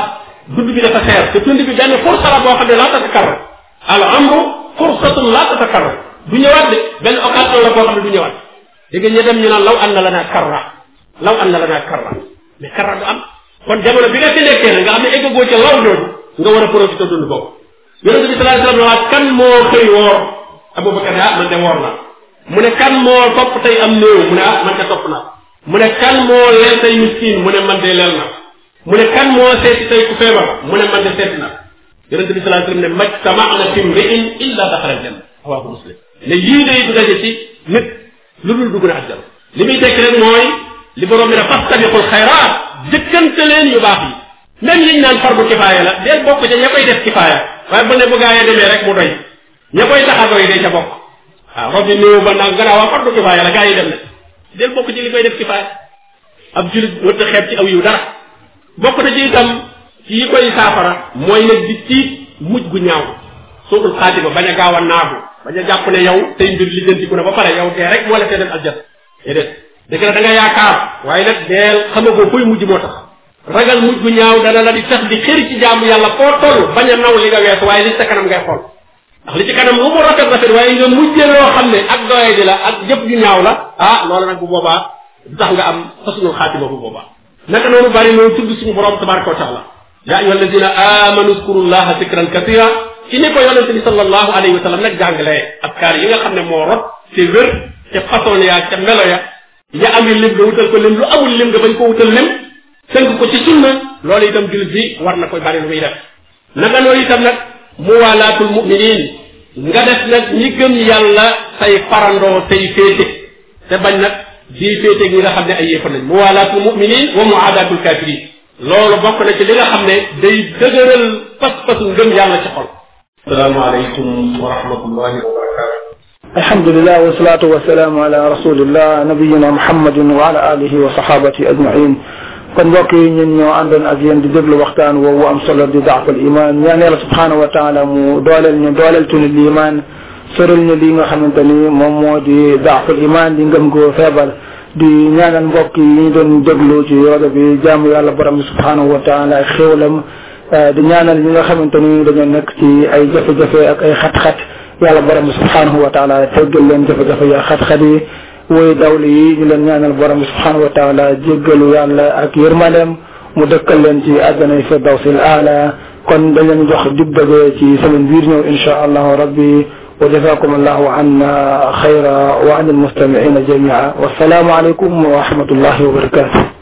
dund bi dafa xeer te dund bi benn force la boo xam ne laa tatakar al amru fursatun laa tatakar du ñëwaat de benn occasion la boo xam ne nga ñu dem ñu naan law an la naa karra law an na la naa karra mais karra du am kon jamono bi nga fi nekkee na nga xam ne eggagoo ca law loolu bi sallallahu alayhi wa sallam kan ah man de woor naa mu ne kan moo topp tey am néew mu ne ah man de topp na mu ne kan moo leel tey miskin mu ne man de leel na mu ne kan moo seeti tey ku feebar mu ne man de seet na yonente bi sallallahu alayhi wasallam ne majtamaana fi mri'in illa daxala aljanna rawaahu muslim ne yii day du daje ci nit lu dul dugg na àjjana li muy tekk rek mooy li borom bi ne fastabiqul xayraat jëkkante leen yu baax yi même liñ naan fardu kifaaya la del bokk ca ña koy def kifaaya waaye bu ne bu gaa yee rek mu doy ña koy tax a doy day ca waaw robi néew ba nag gannaaw fardu kifaaya la gaa yi dem na del bokk ci li koy def kifaaya ab jullit wër ta xeeb ci aw yiw dara bokk na ci itam ci yi koy saafara mooy nag di tiit mujj gu ñaaw suuxul xaatima bañ a gaaw a naagu bañ a jàpp ne yow tey mbir lijjantiku na ba pare yow dee rek moo la tee dem aljat déedéet dëgg la da nga yaakaar waaye nag deel xamagoo fooy mujj moo tax ragal mujj gu ñaaw dana la di tax di xëri ci jaamu yàlla foo toll bañ a naw li nga weesu waaye li ngay xool ndax li ci kanam lu mu rafet rafet waaye nga mujjee loo xam ne ak doye di la ak jëf ju ñaaw la ah loola nag bu boobaa du tax nga am fasunul xaatima bu boobaa naka noonu bari noonu tudd suñu borom tabaraka wa taala yaa ayyuha alladina amanu zkurullaha zikran kasira ci ni ko yonente bi sallallahu alayhi wa sallam nag jàngalee askar yi nga xam ne moo rot te wér te façon yaa ya ya amul lim nga wutal ko lim lu amul lim nga bañ ko wutal lim tënk ko ci sunna loolu itam jullit bi war na koy bari lu muy def naka noonu itam nag muwaalaatul muminin nga def nag ñi gëm yàlla say farandoo say féete te bañ nag di féete ñi nga xam ne ay yéefar lañ muwaalaatul muminin wa muaadaatul kafirin loolu bokk na ci li nga xam ne day dëgëral pas-pasu ngëm yàlla ci xol asalaamaaleykum wa rahmatullahi wa barakatu alhamdulilah wasalaatu wasalaamu ala rasulillah nabiyina muhammadin wa ala alihi wa sahabati ajmain kon mbokk yi ñun ñoo àndoon ak yéen di déglu waxtaan woowu am solo di daafal iman ñaan yàlla subhaanahu wa taala mu dooleel ñu dooleel tunu liimaan sëral ñu li nga xamante ni moom moo di daafal iman di ngëm goo feebar di ñaanal mbokk yi ñu doon déglu ci yooga bi jaamu yàlla borom subhaanahu wa taala ak xéwalam eh, di ñaanal ñi nga xamante ni dañoo nekk ci ay jafe-jafe ak ay xat-xat yàlla borom subhaanahu wa taala teggal leen jafe-jafe yi ak xat-xat yi woy dawli yi ñu leen ñaanal borom bi subhanahu wa taala jéggalu yàlla ak yërmandeem mu dëkkal leen ci àjjanay firdawsil aala kon dañ leen jox dig dëgg ci semaine biir ñëw allah allahu rabbi wa jazakum allahu anna xayra wa an almustamiina jamia wassalaamu aleykum wa rahmatullahi wa barakatuh